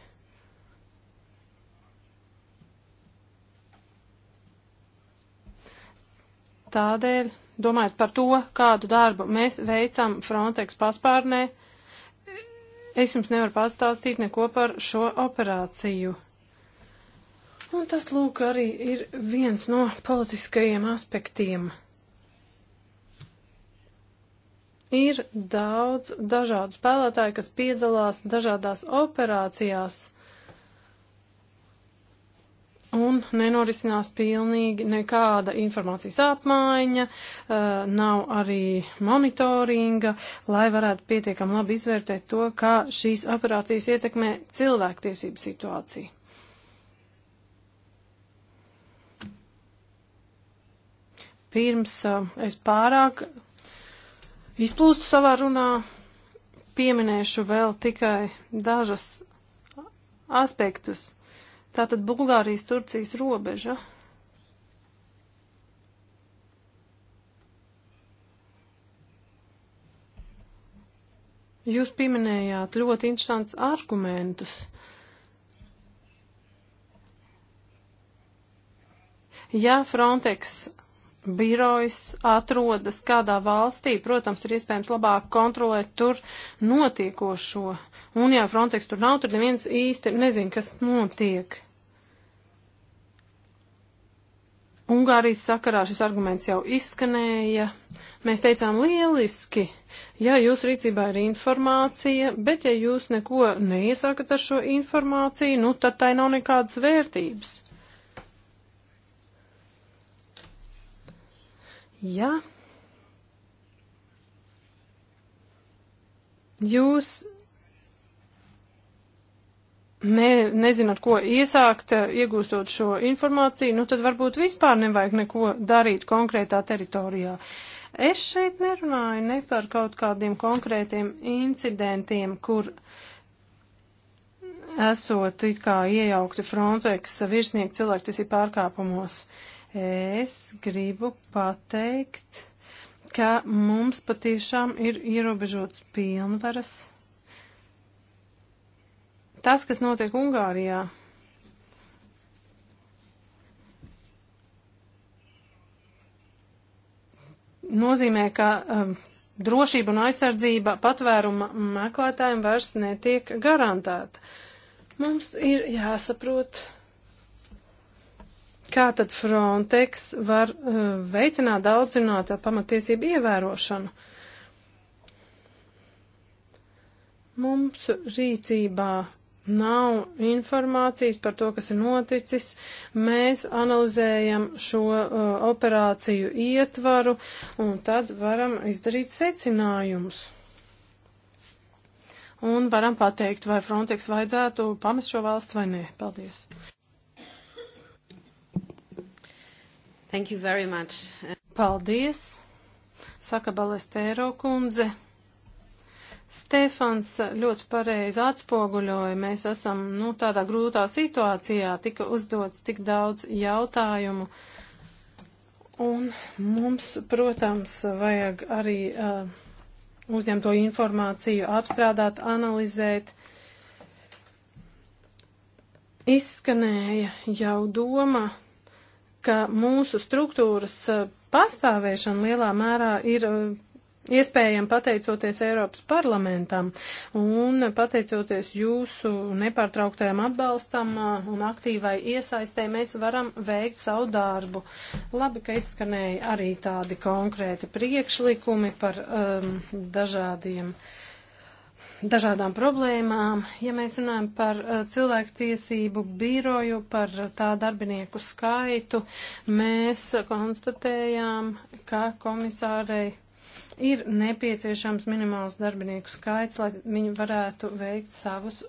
Tādēļ, domājot par to, kādu darbu mēs veicam Frontex paspārnē, uh, es jums nevaru pastāstīt neko par šo operāciju. Un tas, lūk, arī ir viens no politiskajiem aspektiem. Ir daudz dažādu spēlētāju, kas piedalās dažādās operācijās, un nenorisinās pilnīgi nekāda informācijas apmaiņa, uh, nav arī monitoringa, lai varētu pietiekam labi izvērtēt to, kā šīs operācijas ietekmē cilvēktiesību situāciju. Pirms uh, es pārāk izplūstu savā runā, pieminēšu vēl tikai dažas aspektus Tātad Bulgārijas Turcijas robeža. Jūs pieminējāt ļoti interesants argumentus. Ja Frontex birojas atrodas kādā valstī, protams, ir iespējams labāk kontrolēt tur notiekošo. Un ja Frontex tur nav, tad neviens īsti nezin, kas notiek. Ungārijas sakarā šis arguments jau izskanēja. Mēs teicām lieliski, ja jūs rīcībā ir informācija, bet ja jūs neko neiesākat ar šo informāciju, nu tad tai nav nekādas vērtības. Ja jūs ne, nezināt, ko iesākt, iegūstot šo informāciju, nu tad varbūt vispār nevajag neko darīt konkrētā teritorijā. Es šeit nerunāju ne par kaut kādiem konkrētiem incidentiem, kur esot it kā iejaukti Frontex virsnieku cilvēktiesību pārkāpumos. Uh, Es gribu pateikt, ka mums patiešām ir ierobežots pilnvaras. Tas, kas notiek Ungārijā, nozīmē, ka um, drošība un aizsardzība patvēruma meklētājiem vairs netiek garantēta. Mums ir jāsaprot, Kā tad Frontex var uh, veicināt daudzināt pamatiesību ievērošanu? Mums rīcībā nav informācijas par to, kas ir noticis. Mēs analizējam šo uh, operāciju ietvaru un tad varam izdarīt secinājumus. Un varam pateikt, vai Frontex vajadzētu pamest šo valstu vai nē. Paldies. Thank you very much. Paldies, saka Balestēro kundze. Stefans ļoti pareizi atspoguļoja, mēs esam, nu, tādā grūtā situācijā, tika uzdots tik daudz jautājumu, un mums, protams, vajag arī uh, uzņemto informāciju apstrādāt, analizēt. Izskanēja jau doma ka mūsu struktūras e, pastāvēšana lielā mērā ir e, iespējama pateicoties Eiropas parlamentam un pateicoties jūsu nepārtrauktajam atbalstam e, un aktīvai iesaistē, mēs varam veikt savu darbu. Labi, ka izskanēja arī tādi konkrēti priekšlikumi par um, dažādiem uh, dažādām problēmām. Ja mēs runājam par uh, cilvēktiesību biroju, par uh, tā darbinieku skaitu, mēs konstatējām, ka komisārei ir nepieciešams minimāls darbinieku skaits, lai viņi varētu veikt savus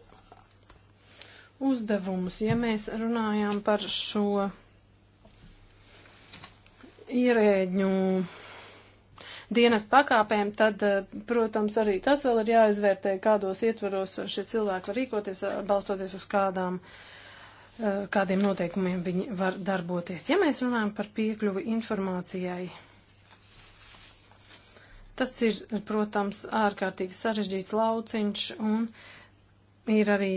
uzdevumus. Ja mēs runājām par šo ierēģu dienas pakāpēm, tad, eh, protams, arī tas vēl ir jāizvērtē, kādos ietvaros šie cilvēki var rīkoties, eh, balstoties uz kādām, eh, kādiem noteikumiem viņi var darboties. Ja mēs runājam par piekļuvi informācijai, tas ir, protams, ārkārtīgi sarežģīts lauciņš un ir arī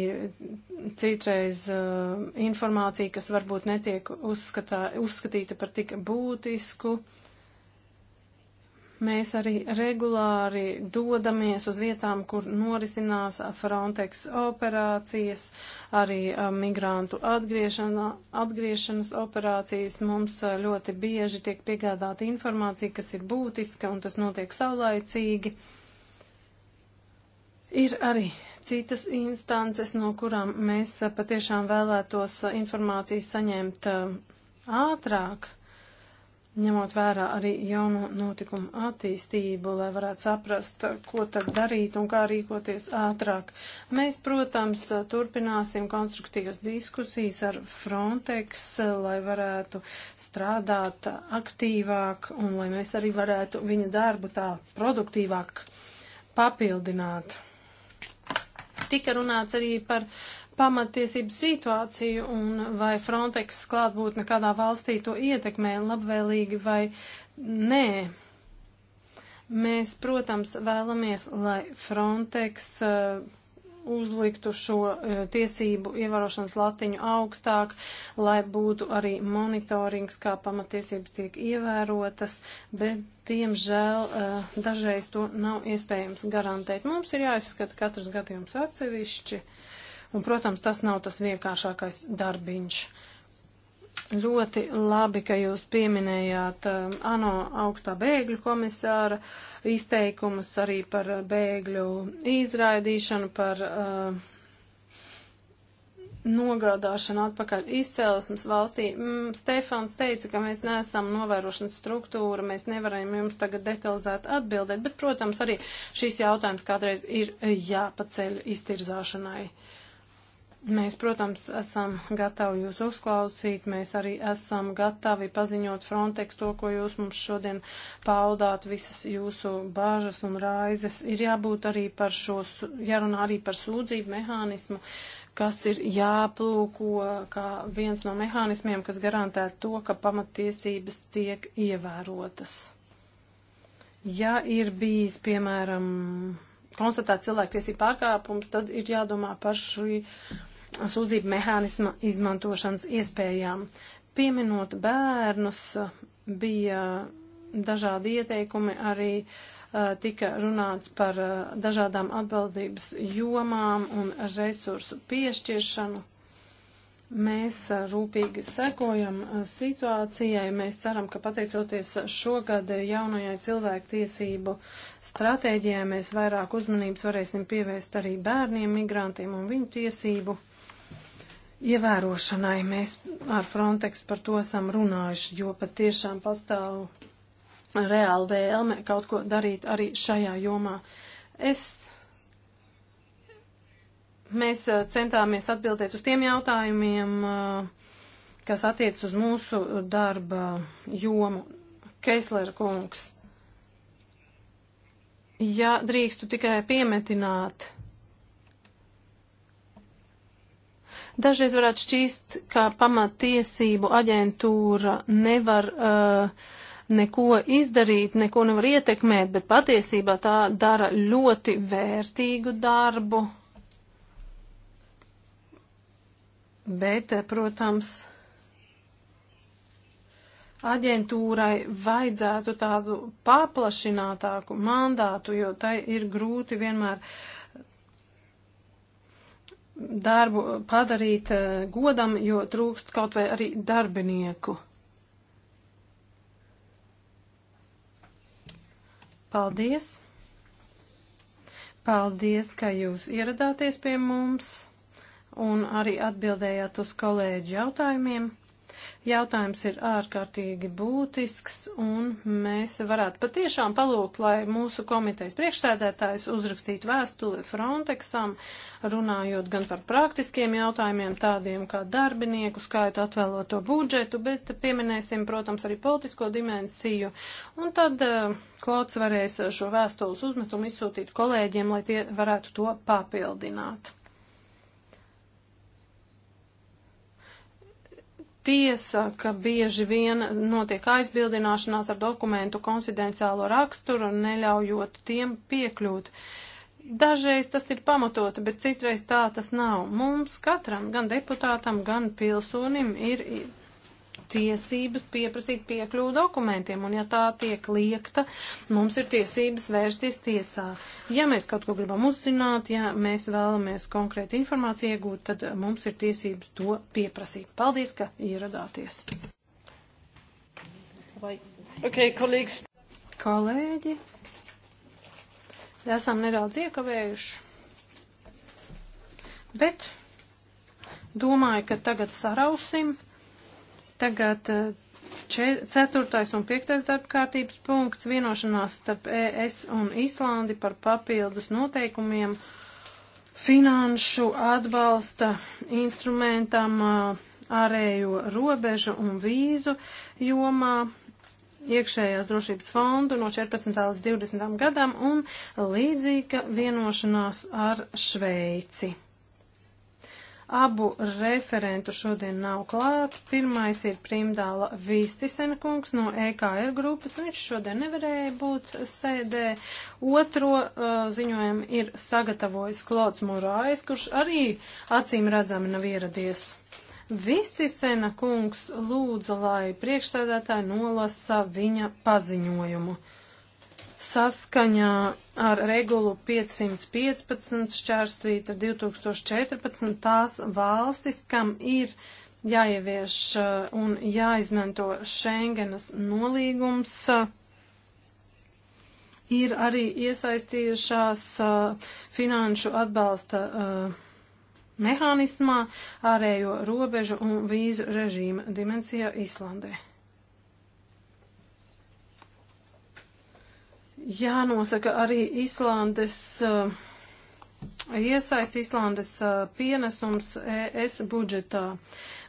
citreiz uh, informācija, kas varbūt netiek uzskatā, uzskatīta par tik būtisku. Uh, Mēs arī regulāri dodamies uz vietām, kur norisinās Frontex operācijas, arī uh, migrantu atgriešana, atgriešanas operācijas. Mums uh, ļoti bieži tiek piegādāta informācija, kas ir būtiska, un tas notiek saulaicīgi. Ir arī citas instances, no kurām mēs uh, patiešām vēlētos informācijas saņemt ātrāk. Uh, ņemot vērā arī jauno notikumu attīstību, lai varētu saprast, ko tad darīt un kā rīkoties ātrāk. Mēs, protams, turpināsim konstruktīvas diskusijas ar Frontex, lai varētu strādāt aktīvāk un lai mēs arī varētu viņa darbu tā produktīvāk papildināt. Tika runāts arī par uh, pamatiesību situāciju un vai Frontex klātbūtne kādā valstī to ietekmē labvēlīgi vai nē. Mēs, protams, vēlamies, lai Frontex uh, uzliktu šo uh, tiesību ievērošanas latiņu augstāk, lai būtu arī monitorings, kā pamatiesības tiek ievērotas, bet, diemžēl, uh, dažreiz to nav iespējams garantēt. Mums ir jāizskata katrs gadījums atsevišķi. Uh, Un, protams, tas nav tas vienkāršākais darbiņš. Ļoti labi, ka jūs pieminējāt um, ANO augstā bēgļu komisāra izteikumus arī par bēgļu izraidīšanu, par uh, nogādāšana atpakaļ izcēlesmes valstī. Mm, Stefans teica, ka mēs neesam novērošanas struktūra, mēs nevaram jums tagad detalizēt atbildēt, bet, protams, arī šīs jautājums kādreiz ir jāpaceļ iztirzāšanai. Mēs, protams, esam gatavi jūs uzklausīt, mēs arī esam gatavi paziņot Frontex to, ko jūs mums šodien paudāt, visas jūsu bāžas un raizes. Ir jābūt arī par šo, jārunā arī par sūdzību mehānismu, kas ir jāplūko kā viens no mehānismiem, kas garantē to, ka pamatiesības tiek ievērotas. Ja ir bijis, piemēram, konstatēt cilvēktiesību pārkāpums, tad ir jādomā par šī sūdzību mehānisma izmantošanas iespējām. Pieminot bērnus, bija dažādi ieteikumi arī tika runāts par dažādām atbildības jomām un resursu piešķiršanu. Mēs rūpīgi sekojam situācijai. Mēs ceram, ka pateicoties šogad jaunajai cilvēktiesību stratēģijai, mēs vairāk uzmanības varēsim pievērst arī bērniem, migrantiem un viņu tiesību ievērošanai. Mēs ar Frontex par to esam runājuši, jo pat tiešām pastāv reāla vēlme kaut ko darīt arī šajā jomā. Es mēs eh, centāmies atbildēt uz tiem jautājumiem, eh, kas attiec uz mūsu darba jomu. Keislera kungs, ja drīkstu tikai piemetināt, Dažreiz varētu šķīst, ka pamatiesību aģentūra nevar uh, neko izdarīt, neko nevar ietekmēt, bet patiesībā tā dara ļoti vērtīgu darbu. Bet, eh, protams, aģentūrai vajadzētu tādu paplašinātāku mandātu, jo tai ir grūti vienmēr uh, darbu padarīt eh, godam, jo trūkst kaut vai arī darbinieku. Paldies! Paldies, ka jūs ieradāties pie mums un arī atbildējāt uz kolēģi jautājumiem. Jautājums ir ārkārtīgi būtisks, un mēs varētu patiešām palūgt, lai mūsu komitejas priekšsēdētājs uzrakstītu vēstuli Frontexam, runājot gan par praktiskiem jautājumiem, tādiem kā darbinieku skaitu atvēloto budžetu, bet pieminēsim, protams, arī politisko dimensiju. Un tad uh, Klots varēs šo vēstules uzmetumu izsūtīt kolēģiem, lai tie varētu to papildināt. tiesa, ka bieži vien notiek aizbildināšanās ar dokumentu konfidenciālo raksturu, neļaujot tiem piekļūt. Dažreiz tas ir pamatoti, bet citreiz tā tas nav. Mums katram, gan deputātam, gan pilsonim ir tiesības pieprasīt piekļuvu dokumentiem, un ja tā tiek liekta, mums ir tiesības vērsties tiesā. Ja mēs kaut ko gribam uzzināt, ja mēs vēlamies konkrēti informāciju iegūt, tad mums ir tiesības to pieprasīt. Paldies, ka ieradāties. Vai. Okay, kolēģis. Kolēģi, esam nedaudz iekavējuši, bet domāju, ka tagad sarausim. Tagad eh, ceturtais un piektais darbkārtības punkts - vienošanās starp ES un Islandi par papildus noteikumiem finanšu atbalsta instrumentam eh, ārējo robežu un vīzu jomā iekšējās drošības fondu no 14. līdz 20. gadam un līdzīga vienošanās ar Šveici. Abu referentu šodien nav klāt. Pirmais ir Primdāla Vīstisena kungs no EKR grupas. Viņš šodien nevarēja būt sēdē. Otro uh, ziņojumu ir sagatavojis Klods Murājs, kurš arī acīm redzami nav ieradies. Vistisena kungs lūdza, lai priekšsēdētāji nolasa viņa paziņojumu. Uh, saskaņā ar regulu 515 šķērstvīta 2014 tās valstis, kam ir jāievieš uh, un jāizmanto Schengenas nolīgums, uh, ir arī iesaistījušās uh, finanšu atbalsta mehānismā ārējo robežu un vīzu režīma dimensijā Islandē. jānosaka arī Islandes uh, iesaist Islandes uh, pienesums ES budžetā.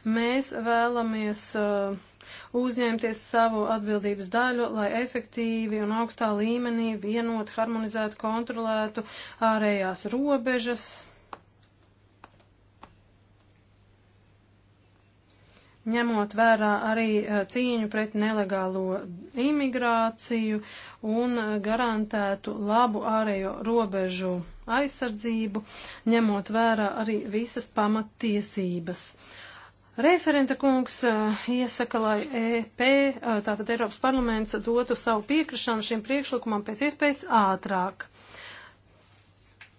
Mēs vēlamies uh, uzņemties savu atbildības daļu, lai efektīvi un augstā līmenī vienot, harmonizētu, kontrolētu ārējās robežas ņemot vērā arī eh, cīņu pret nelegālo imigrāciju un eh, garantētu labu ārējo robežu aizsardzību, ņemot vērā arī visas pamattiesības. Referenta kungs eh, iesaka, lai EP, tātad Eiropas parlaments, dotu savu piekrišanu šim priekšlikumam pēc iespējas ātrāk.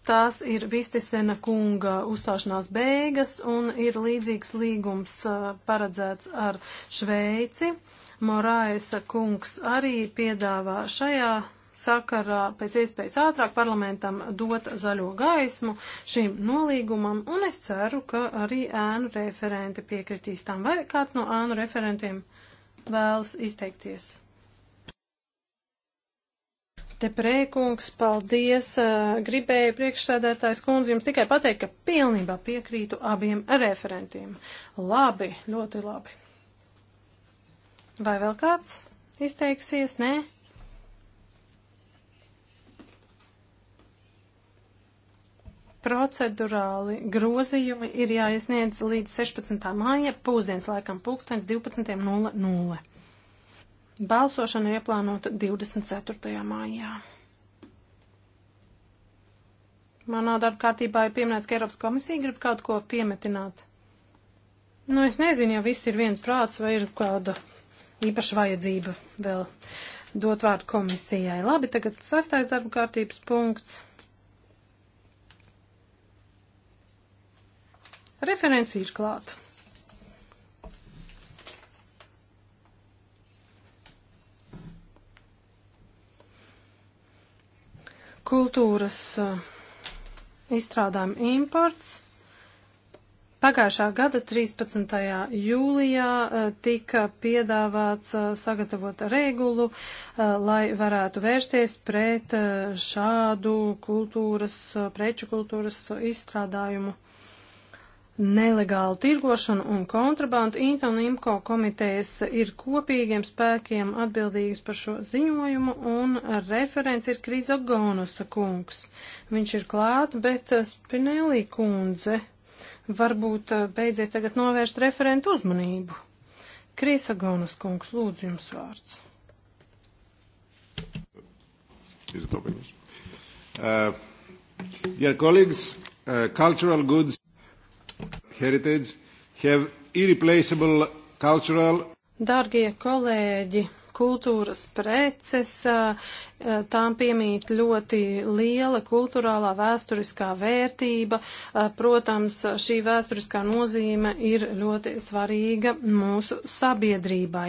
Tās ir Vistisena kunga uzstāšanās beigas un ir līdzīgs līgums uh, paredzēts ar Šveici. Moraesa kungs arī piedāvā šajā sakarā pēc iespējas ātrāk parlamentam dot zaļo gaismu šim nolīgumam, un es ceru, ka arī ēnu referenti piekritīs tam. Vai kāds no ēnu referentiem vēlas izteikties? Te prēkungs, paldies. Gribēju priekšsēdētājs kundzi jums tikai pateikt, ka pilnībā piekrītu abiem referentiem. Labi, ļoti labi. Vai vēl kāds izteiksies? Nē? procedurāli grozījumi ir jāiesniedz līdz 16. māja pūzdienas laikam pulkstens 12.00. Balsošana ir ieplānota 24. maijā. Manā darba kārtībā ir pieminēts, ka Eiropas komisija grib kaut ko piemetināt. Nu, es nezinu, ja viss ir viens prāts vai ir kāda īpaša vajadzība vēl dot vārdu komisijai. Labi, tagad sastais darba kārtības punkts. Referenci ir klāta. kultūras eh, izstrādājuma imports. Pagājušā gada 13. jūlijā eh, tika piedāvāts eh, sagatavot regulu, lai varētu vērsties pret šādu kultūras, preču kultūras izstrādājumu nelegālu tirgošanu un kontrabandu. Inta un Imko komitejas ir kopīgiem spēkiem atbildīgas par šo ziņojumu, un referents ir Krīza Gonusa kungs. Viņš ir klāt, bet Spinelli kundze varbūt eh, beidziet tagad novērst referentu uzmanību. Krīsa Gonas kungs, lūdzu jums vārds. Izdobiņas. Uh, dear colleagues, uh, cultural goods heritage have irreplaceable cultural. Dargie kolēģi, kultūras preces, tām piemīt ļoti liela kultūrālā vēsturiskā vērtība. Protams, šī vēsturiskā nozīme ir ļoti svarīga mūsu sabiedrībai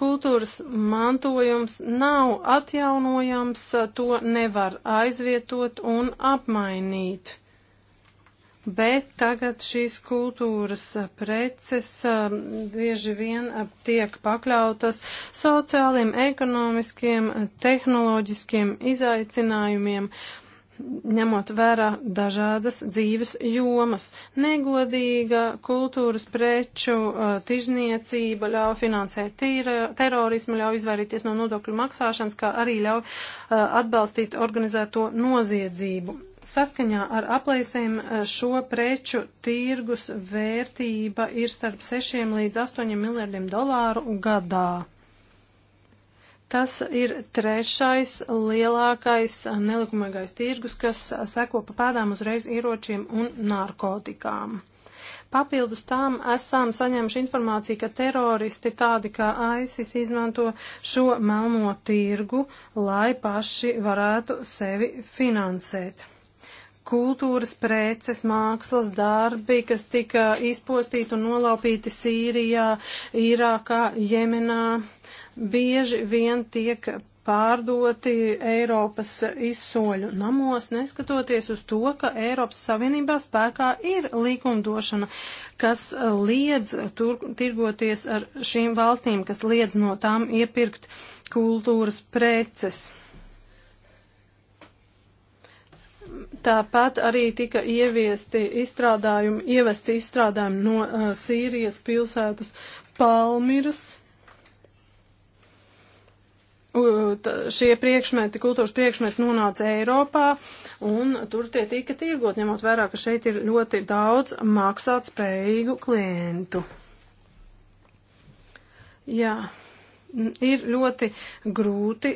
kultūras mantojums nav atjaunojams, to nevar aizvietot un apmainīt bet tagad šīs kultūras preces bieži vien tiek pakļautas sociāliem, ekonomiskiem, tehnoloģiskiem izaicinājumiem ņemot vērā dažādas dzīves jomas. Negodīga kultūras preču tirzniecība ļauj finansēt tīra, terorismu, ļauj izvairīties no nodokļu maksāšanas, kā arī ļauj atbalstīt organizēto noziedzību. Saskaņā ar aplēsēm eh, šo preču tirgus vērtība ir starp 6 līdz 8 miljardiem dolāru gadā. Tas ir trešais lielākais nelikumīgais tirgus, kas seko pa pēdām uzreiz ieročiem un narkotikām. Papildus tām esam saņēmuši informāciju, ka teroristi tādi kā ISIS izmanto šo melno tirgu, lai paši varētu sevi finansēt kultūras preces, mākslas darbi, kas tika izpostīti un nolaupīti Sīrijā, Irākā, Jemenā, bieži vien tiek pārdoti Eiropas izsoļu namos, neskatoties uz to, ka Eiropas Savienībā spēkā ir likumdošana, kas liedz tur, tirgoties ar šīm valstīm, kas liedz no tām iepirkt kultūras preces. Tāpat arī tika ieviesti izstrādājumi, ievesti izstrādājumi no uh, Sīrijas pilsētas Palmiras. Uh, šie priekšmeti, kultūras priekšmeti nonāca Eiropā, un tur tie tika tirgot, ņemot vērā, ka šeit ir ļoti daudz maksāt spējīgu klientu. Jā, ir ļoti grūti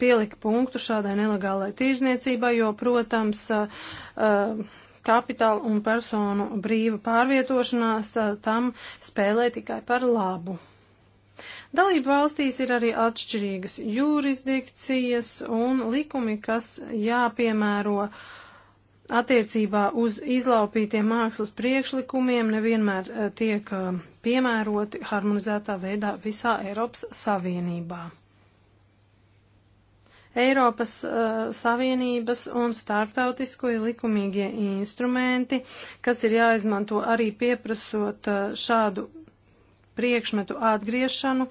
pielika punktu šādai nelegālai tīrzniecībai, jo, protams, kapitāla un personu brīva pārvietošanās tam spēlē tikai par labu. Dalību valstīs ir arī atšķirīgas jurisdikcijas un likumi, kas jāpiemēro attiecībā uz izlaupītiem mākslas priekšlikumiem, nevienmēr tiek piemēroti harmonizētā veidā visā Eiropas Savienībā. Eiropas uh, Savienības un starptautiskie likumīgie instrumenti, kas ir jāizmanto arī pieprasot uh, šādu priekšmetu atgriešanu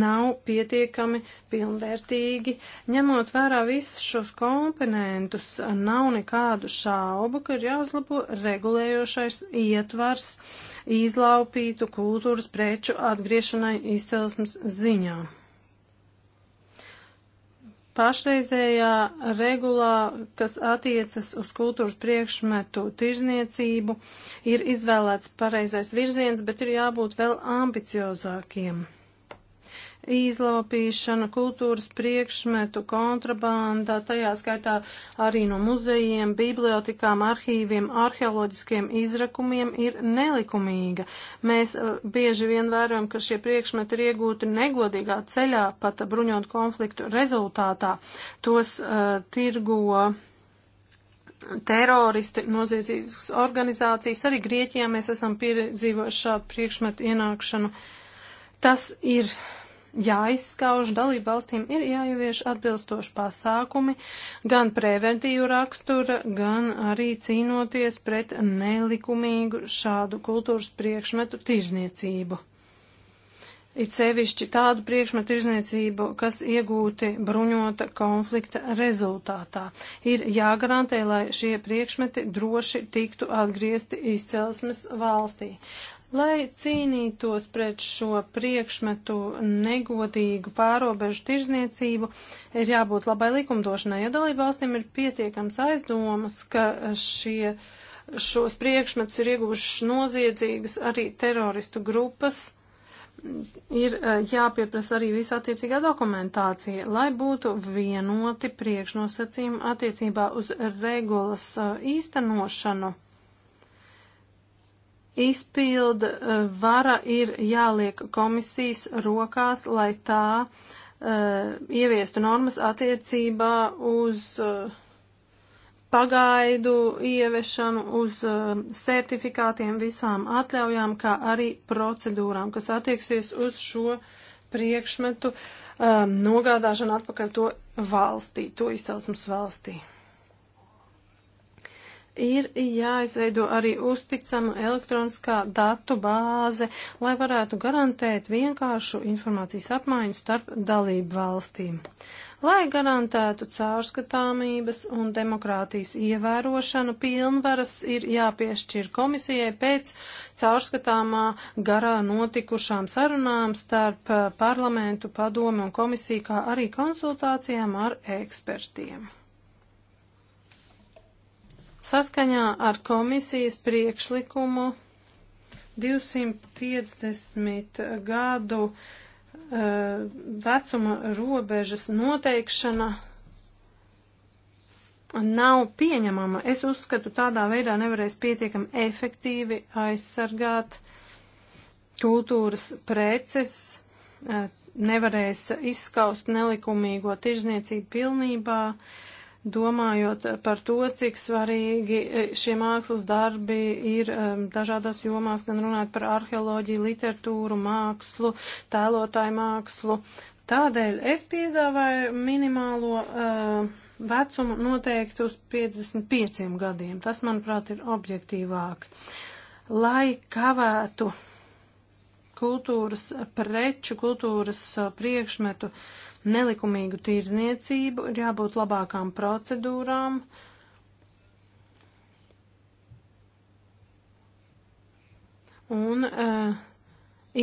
nav pietiekami pilnvērtīgi. Ņemot vērā visus šos komponentus, nav nekādu šaubu, ka ir jāuzlabo regulējošais ietvars izlaupītu kultūras preču atgriešanai izcelsmes ziņā pašreizējā regulā, kas attiecas uz kultūras priekšmetu tirzniecību, ir izvēlēts pareizais virziens, bet ir jābūt vēl ambiciozākiem izlaupīšana, kultūras priekšmetu kontrabanda, tajā skaitā arī no muzejiem, bibliotekām, arhīviem, arheoloģiskiem izrakumiem ir nelikumīga. Mēs eh, bieži vien vērojam, ka šie priekšmeti ir iegūti negodīgā ceļā, pat bruņot konfliktu rezultātā. Tos uh, tirgo teroristi, noziedzīgas organizācijas. Arī Grieķijā mēs esam piedzīvojuši šādu priekšmetu ienākšanu. Tas ir uh, jāizskauž, dalību valstīm ir jāievieš atbilstoši pasākumi gan preventīvu rakstura, gan arī cīnoties pret nelikumīgu šādu kultūras priekšmetu tirzniecību. It sevišķi tādu priekšmetu izniecību, kas iegūti bruņota konflikta rezultātā. Ir jāgarantē, lai šie priekšmeti droši tiktu atgriezti izcelsmes valstī lai cīnītos pret šo priekšmetu negodīgu pārobežu tirzniecību, ir jābūt labai likumdošanai. Ja dalību valstīm ir pietiekams aizdomas, ka šie, šos priekšmetus ir ieguvušas noziedzīgas arī teroristu grupas, ir eh, jāpieprasa arī visa attiecīgā dokumentācija, lai būtu vienoti priekšnosacījumi attiecībā uz regulas eh, īstenošanu. Uh, Izpilda e, vara ir jāliek komisijas rokās, lai tā uh, ieviestu normas attiecībā uz uh, pagaidu ieviešanu uz certifikātiem, visām atļaujām, kā arī procedūrām, kas attieksies uz šo priekšmetu um, nogādāšanu atpakaļ to valstī, to izcelsmes valstī ir jāizveido arī uzticama elektroniskā datu bāze, lai varētu garantēt vienkāršu informācijas apmaiņu starp dalību valstīm. Lai garantētu caurskatāmības un demokrātijas ievērošanu, pilnvaras ir jāpiešķir komisijai pēc caurskatāmā garā notikušām sarunām starp eh, parlamentu, padomu un komisiju, kā arī konsultācijām ar ekspertiem. Saskaņā ar komisijas priekšlikumu 250 gadu uh, vecuma robežas noteikšana nav pieņemama. Es uzskatu, tādā veidā nevarēs pietiekami efektīvi aizsargāt kultūras preces, eh, nevarēs izskaust nelikumīgo tirzniecību pilnībā, uh, domājot par to, cik svarīgi e, šie mākslas darbi ir dažādās jomās, gan runājot par arheoloģiju, literatūru, mākslu, tēlotāju mākslu. Tādēļ es piedāvāju minimālo uh, vecumu noteikti uz 55 gadiem. Tas, manuprāt, ir objektīvāk. Lai kavētu uh, kultūras preču, kultūras priekšmetu nelikumīgu tīrzniecību, ir jābūt labākām procedūrām. Un uh,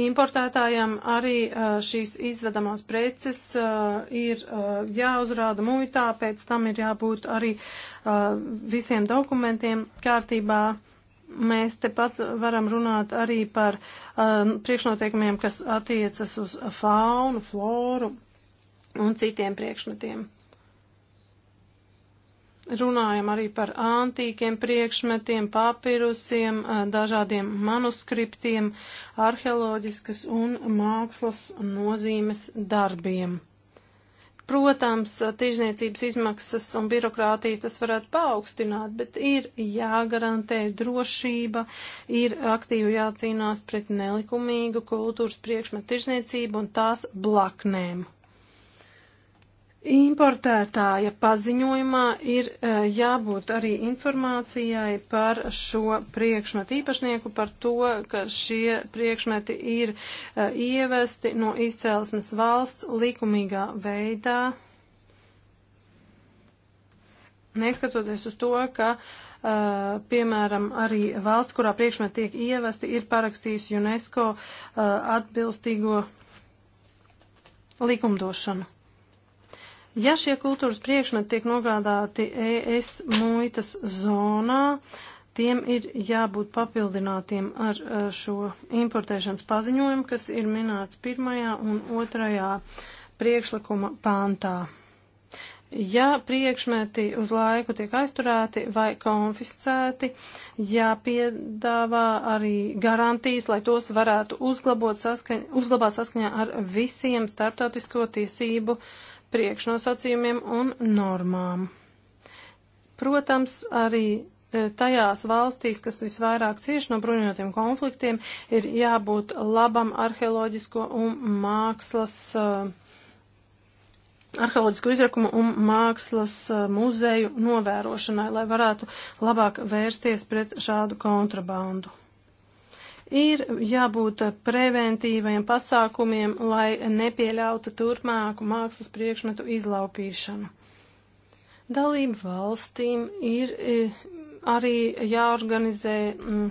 importētājam arī uh, šīs izvedamās preces uh, ir uh, jāuzrāda muitā, pēc tam ir jābūt arī uh, visiem dokumentiem kārtībā. Mēs tepat varam runāt arī par um, priekšnoteikumiem, kas attiecas uz faunu, floru un citiem priekšmetiem. Runājam arī par antīkiem priekšmetiem, papirusiem, eh, dažādiem manuskriptiem, arheoloģiskas un mākslas nozīmes darbiem. Protams, tirzniecības izmaksas un birokrātija tas varētu paaugstināt, bet ir jāgarantē drošība, ir aktīvi jācīnās pret nelikumīgu kultūras priekšmetu tirzniecību un tās blaknēm. Importētāja paziņojumā ir e, jābūt arī informācijai par šo priekšmetu īpašnieku, par to, ka šie priekšmeti ir e, ievesti no izcēlesmes valsts likumīgā veidā, neskatoties uz to, ka, e, piemēram, arī valsts, kurā priekšmeti tiek ievesti, ir parakstījis UNESCO atbilstīgo likumdošanu. Ja šie kultūras priekšmeti tiek nogādāti ES muitas zonā, tiem ir jābūt papildinātiem ar e, šo importēšanas paziņojumu, kas ir minēts pirmajā un otrajā priekšlikuma pāntā. Ja priekšmeti uz laiku tiek aizturēti vai konfiscēti, jāpiedāvā arī garantijas, lai tos varētu saskaņ, uzglabāt saskaņā ar visiem starptautisko tiesību uh, priekšnosacījumiem un normām. Protams, arī e, tajās valstīs, kas visvairāk cieši no bruņotiem konfliktiem, ir jābūt labam arheoloģisko un mākslas, e, arheoloģisko izrakumu un mākslas e, muzeju novērošanai, lai varētu labāk vērsties pret šādu kontrabandu. Ir jābūt preventīvajiem pasākumiem, lai nepieļautu turpmāku mākslas priekšmetu izlaupīšanu. Dalību valstīm ir eh, arī jāorganizē. Mm,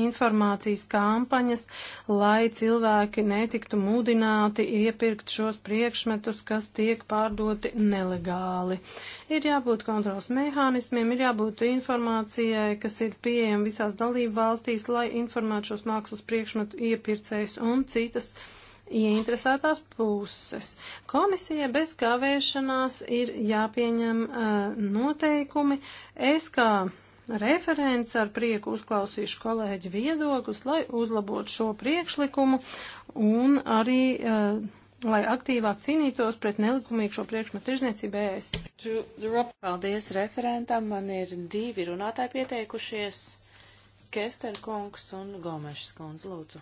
informācijas kampaņas, lai cilvēki netiktu mudināti iepirkt šos priekšmetus, kas tiek pārdoti nelegāli. Ir jābūt kontrols mehānismiem, ir jābūt informācijai, kas ir pieejama visās dalību valstīs, lai informētu šos mākslas priekšmetu iepirkējus un citas ieinteresētās puses. Komisija bez kavēšanās ir jāpieņem uh, noteikumi. Es kā referents, ar prieku uzklausīšu kolēģi viedokļus, lai uzlabotu šo priekšlikumu un arī, uh, lai aktīvāk cīnītos pret nelikumīgu šo priekšmetu izniecību ES. Paldies referentam, man ir divi runātāji pieteikušies, Kester kungs un Gomešs kungs, lūdzu.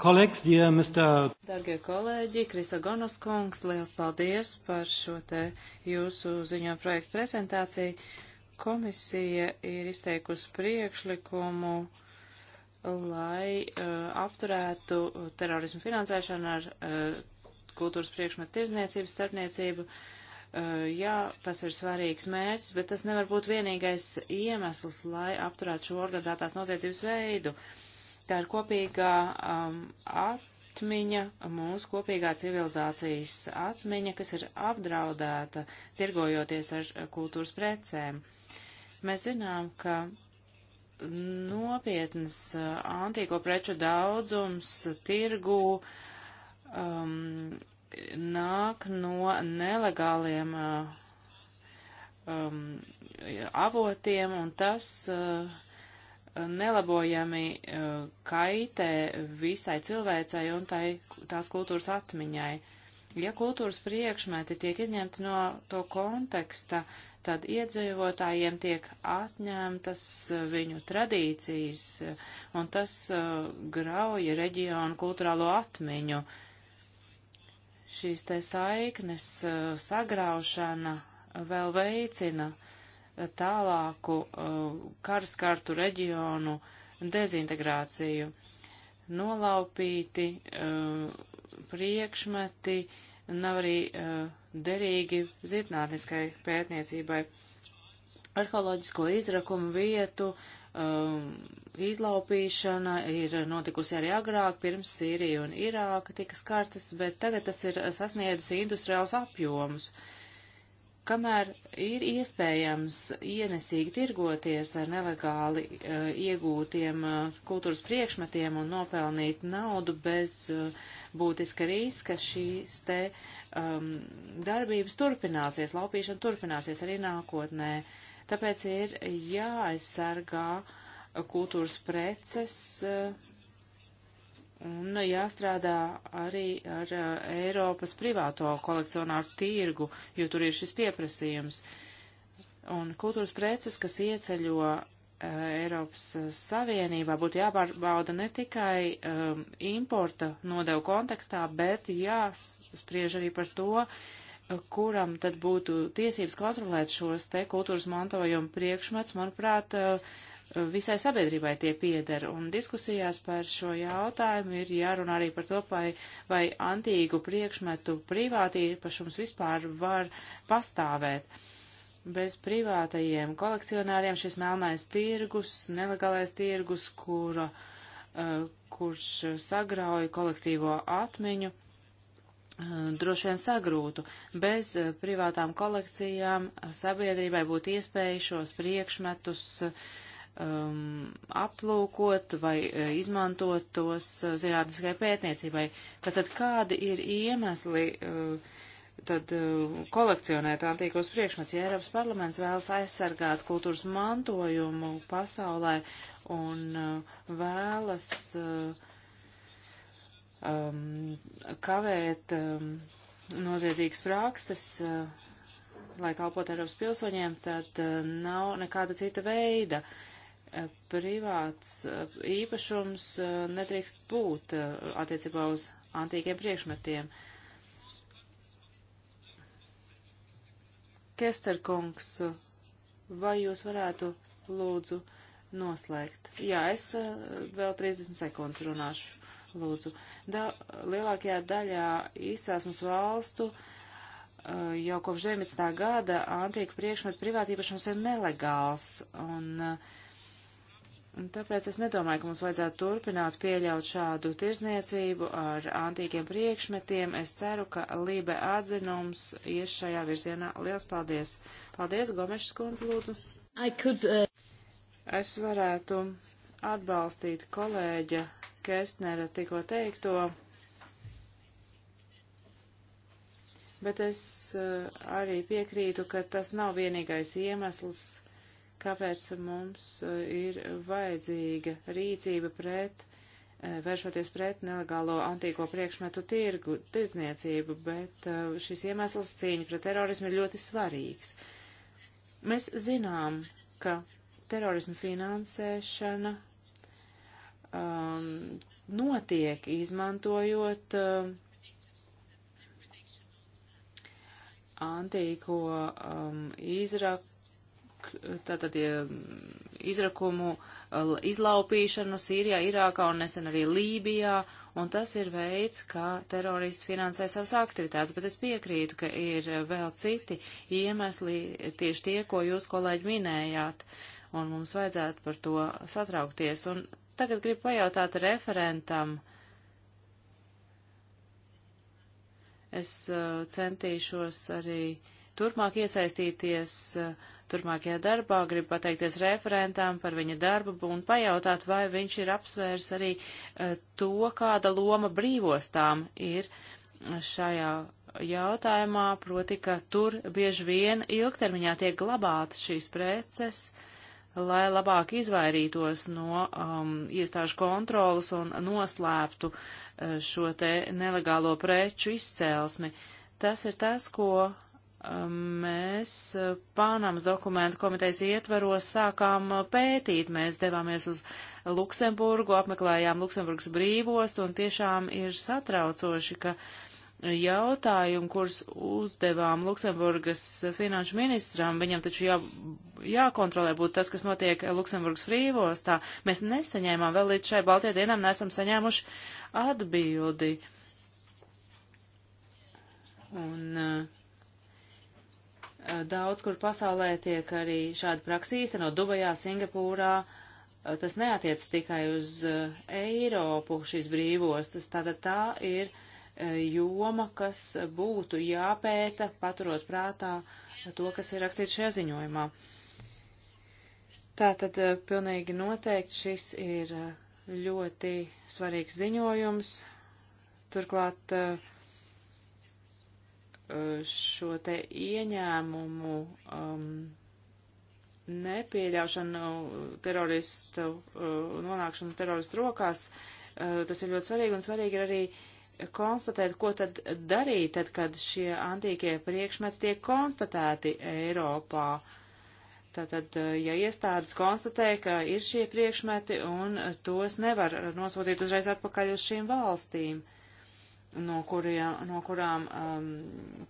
Kolēģis, ja Mr. Dargie kolēģi, Kristogonas kungs, liels paldies par šo te jūsu ziņo projektu prezentāciju. Komisija ir izteikusi priekšlikumu, lai uh, apturētu terorismu finansēšanu ar uh, kultūras priekšmetu tirzniecību, starpniecību. Uh, jā, tas ir svarīgs mērķis, bet tas nevar būt vienīgais iemesls, lai apturētu šo organizētās noziedzības veidu. Tā ir kopīgā um, at atmiņa, mūsu kopīgā civilizācijas atmiņa, kas ir apdraudēta, tirgojoties ar kultūras precēm. Mēs zinām, ka nopietnas uh, antīko preču daudzums tirgū um, nāk no nelegāliem uh, um, avotiem, un tas uh, nelabojami eh, kaitē visai cilvēcei un tai, tās kultūras atmiņai. Ja kultūras priekšmeti tiek izņemti no to konteksta, tad iedzīvotājiem tiek atņemtas eh, viņu tradīcijas, eh, un tas uh, grauja reģionu kultūrālo atmiņu. Šīs te saiknes uh, sagraušana vēl veicina uh, tālāku uh, karskartu reģionu dezintegrāciju. Nolaupīti uh, priekšmeti nav arī uh, derīgi zinātniskai pētniecībai. Arheoloģisko izrakumu vietu um, izlaupīšana ir notikusi arī agrāk, pirms Sīrija un Irāka tika skartas, bet tagad tas ir sasniedzis industriāls apjomus. Uh, kamēr ir iespējams ienesīgi tirgoties ar nelegāli uh, iegūtiem uh, kultūras priekšmetiem un nopelnīt naudu bez uh, būtiska riska, šīs te um, darbības turpināsies, laupīšana turpināsies arī nākotnē. Tāpēc ir jāaizsargā kultūras preces. Uh, Un jāstrādā arī ar uh, Eiropas privāto kolekcionāru tirgu, jo tur ir šis pieprasījums. Un kultūras preces, kas ieceļo uh, Eiropas uh, Savienībā, būtu jābauda ne tikai um, importa nodevu kontekstā, bet jāspriež arī par to, kuram tad būtu tiesības kontrolēt šos te kultūras mantojuma priekšmets, manuprāt, uh, visai sabiedrībai tie pieder, un diskusijās par šo jautājumu ir jārunā arī par to, vai, vai antīgu priekšmetu privātī īpašums vispār var pastāvēt. Bez privātajiem kolekcionāriem šis melnais tirgus, nelegālais tirgus, kura, uh, kurš sagrauj kolektīvo atmiņu, eh, droši vien sagrūtu. Bez eh, privātām kolekcijām sabiedrībai būtu iespēja šos priekšmetus uh, um, aplūkot vai e, izmantot tos e, zinātniskai pētniecībai. Tātad kādi ir iemesli uh, tad uh, kolekcionēt antīkos priekšmets, ja Eiropas parlaments vēlas aizsargāt kultūras mantojumu pasaulē un uh, vēlas uh, um, kavēt um, noziedzīgas prakses, uh, lai kalpot Eiropas pilsoņiem, tad uh, nav nekāda cita veida. Uh, Eh, privāts eh, īpašums eh, nedrīkst būt attiecībā uz antīkiem priekšmetiem. Kesterkungs, vai jūs varētu lūdzu noslēgt? Jā, es vēl 30 sekundes runāšu, lūdzu. Da, lielākajā daļā izcelsmes valstu uh, jau kopš 19. gada antīku priekšmetu privātīpašums ir nelegāls, un uh, Un tāpēc es nedomāju, ka mums vajadzētu turpināt pieļaut šādu tirzniecību ar antīkiem priekšmetiem. Es ceru, ka Lībe atzinums ies šajā virzienā. Liels paldies! Paldies, Gomešs kundze, lūdzu! Could, uh... Es varētu atbalstīt kolēģa Kestnera tikko teikto, bet es uh, arī piekrītu, ka tas nav vienīgais iemesls, kāpēc mums eh, ir vajadzīga rīcība pret, eh, vēršoties pret nelegālo antīko priekšmetu tirgu, tirdzniecību, bet eh, šis iemesls cīņa pret terorismu ir ļoti svarīgs. Mēs zinām, ka terorismu finansēšana um, notiek izmantojot um, antīko um, izraku tātad ja, izrakumu izlaupīšanu Sīrijā, Irākā un nesen arī Lībijā, un tas ir veids, kā teroristi finansē savas aktivitātes, bet es piekrītu, ka ir vēl citi iemesli, tieši tie, ko jūs, kolēģi, minējāt, un mums vajadzētu par to satraukties. Un tagad gribu pajautāt referentam. Es uh, centīšos arī turpmāk iesaistīties uh, turmākajā darbā. Gribu pateikties referentām par viņa darbu un pajautāt, vai viņš ir apsvērs arī e, to, kāda loma brīvostām ir e, šajā jautājumā, proti, ka tur bieži vien ilgtermiņā tiek glabātas šīs preces, lai labāk izvairītos no um, iestāžu kontrolas un noslēptu e, šo te nelegālo preču izcēlesmi. Tas ir tas, ko mēs eh, Pānams dokumentu komitejas ietveros sākām eh, pētīt. Mēs devāmies uz Luksemburgu, apmeklējām Luksemburgas brīvostu un tiešām ir satraucoši, ka jautājumi, kurus uzdevām Luksemburgas finanšu ministram, viņam taču jā, jākontrolē būtu tas, kas notiek Luksemburgas brīvostā. Mēs nesaņēmām vēl līdz šai Baltie dienām, nesam saņēmuši atbildi. Un, uh, Eh, daudz kur pasaulē tiek arī šāda praksa īstenot Dubajā, Singapūrā. Eh, tas neatiec tikai uz eh, Eiropu šīs brīvostas, tātad tā ir joma, kas būtu jāpēta, paturot prātā to, kas ir rakstīts šajā ziņojumā. Tātad pilnīgi noteikti šis ir ļoti svarīgs ziņojums. Turklāt uh, Eh, šo te ieņēmumu um, nepieļaušanu eh, teroristu, uh, nonākšanu teroristu rokās, uh, tas ir ļoti svarīgi un svarīgi ir arī konstatēt, ko tad darīt, tad, kad šie antīkie priekšmeti tiek konstatēti Eiropā. Tātad, ja iestādes konstatē, ka ir šie priekšmeti un tos nevar nosūtīt uzreiz atpakaļ uz šīm valstīm. Uh, no, kurie, no kurām um,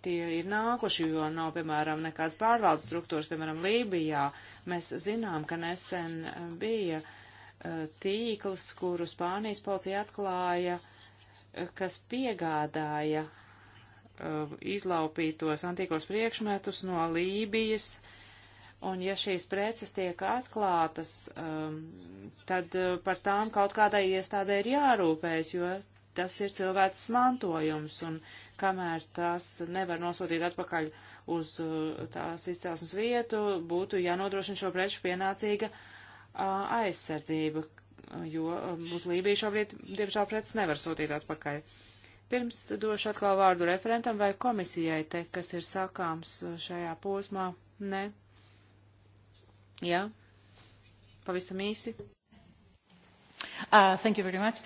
tie ir nākuši, jo nav, piemēram, nekāds pārvaldes struktūras, piemēram, Lībijā. Mēs zinām, ka nesen uh, bija uh, tīkls, kuru Spānijas policija atklāja, uh, kas piegādāja uh, izlaupītos antīkos priekšmetus no Lībijas. Un ja šīs preces tiek atklātas, um, tad uh, par tām kaut kādai iestādē ir jārūpējas, jo tas ir cilvēks mantojums, un kamēr tās nevar nosūtīt atpakaļ uz uh, tās izcelsmes vietu, būtu jānodrošina šo preču pienācīga uh, aizsardzība, jo um, uz Lībiju šobrīd, diemžēl, preces nevar sūtīt atpakaļ. Pirms došu atkal vārdu referentam vai komisijai te, kas ir sakāms uh, šajā posmā. Nē. Jā. Pavisam īsi. Uh, thank you very much.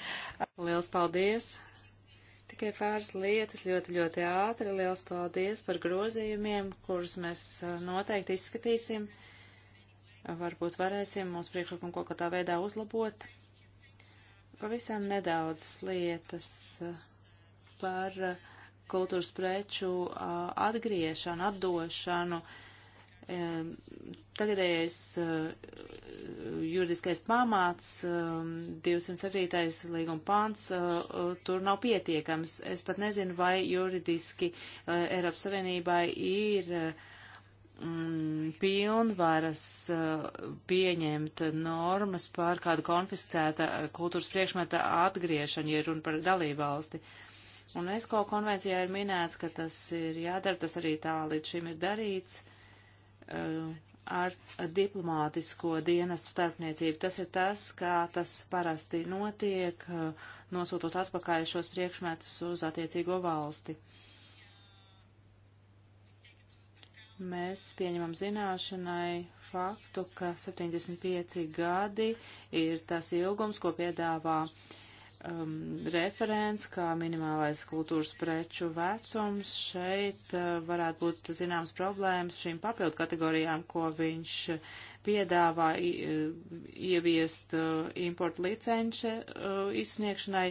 Liels paldies. Tikai pāris lietas ļoti, ļoti ātri. Liels paldies par grozījumiem, kurus mēs uh, noteikti izskatīsim. Varbūt varēsim mūsu priekšlikumu kaut kā tā veidā uzlabot. Pavisam nedaudz lietas uh, par uh, kultūras preču atgriešanu, atdošanu. Um, tagadējais juridiskais pamāts, 207. Um, līguma pants, uh, uh, tur nav pietiekams. Es pat nezinu, vai juridiski uh, Eiropas Savienībai ir mm, pilnvaras pieņemt normas par kādu konfiscēta kultūras priekšmeta atgriešanu, ja runa par dalībvalsti. Un ESCO konvencijā ir minēts, ka tas ir jādara, tas arī tā līdz šim ir darīts. Uh, ar diplomātisko dienestu starpniecību. Tas ir tas, kā tas parasti notiek, nosūtot atpakaļ šos priekšmetus uz attiecīgo valsti. Mēs pieņemam zināšanai faktu, ka 75 gadi ir tas ilgums, ko piedāvā uh, um, referents, kā minimālais kultūras preču vecums. Šeit uh, varētu būt zināmas problēmas šīm papildu kategorijām, ko viņš piedāvā i, uh, ieviest uh, importu licenci uh, izsniegšanai.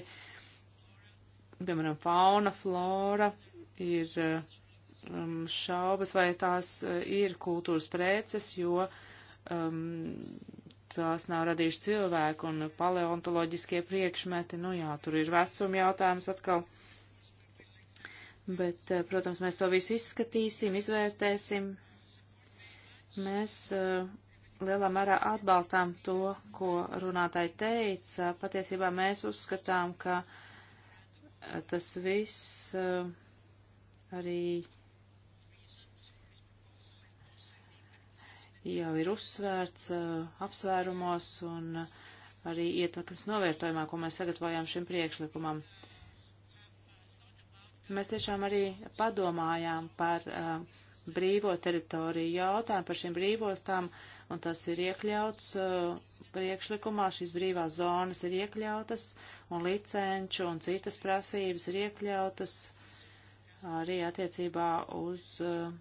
Piemēram, fauna, flora ir uh, um, šaubas, vai tās uh, ir kultūras preces, jo um, tās nav radījuši cilvēku un paleontoloģiskie priekšmeti, nu jā, tur ir vecuma jautājums atkal. Bet, eh, protams, mēs to visu izskatīsim, izvērtēsim. Mēs uh, lielā mērā atbalstām to, ko runātāji teica. Patiesībā mēs uzskatām, ka eh, tas viss uh, arī jau ir uzsvērts apsvērumos un arī ietekmes novērtojumā, ko mēs sagatavojām šim priekšlikumam. Mēs tiešām arī padomājām par uh, brīvo teritoriju jautājumu, par šīm brīvostām, un tas ir iekļauts uh, priekšlikumā šīs brīvās zonas ir iekļautas, un licenču un citas prasības ir iekļautas arī attiecībā uz uh,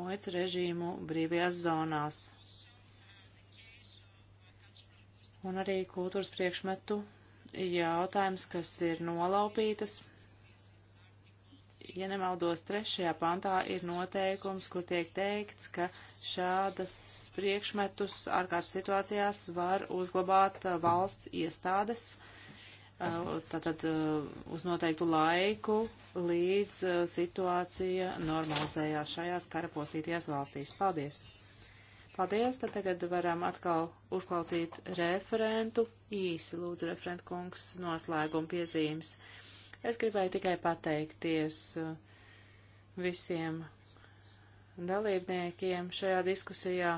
moic režīmu brīvajās zonās. Un arī kultūras priekšmetu jautājums, kas ir nolaupītas. Ja nemaldos, trešajā pantā ir noteikums, kur tiek teikts, ka šādas priekšmetus ārkārtas situācijās var uzglabāt uh, valsts iestādes, uh, tātad uh, uz noteiktu laiku, līdz uh, situācija normalizējās šajās karapostītajās valstīs. Paldies! Paldies, tad tagad varam atkal uzklausīt referentu. Īsi lūdzu, referentu kungs, noslēguma piezīmes. Es gribēju tikai pateikties uh, visiem dalībniekiem šajā diskusijā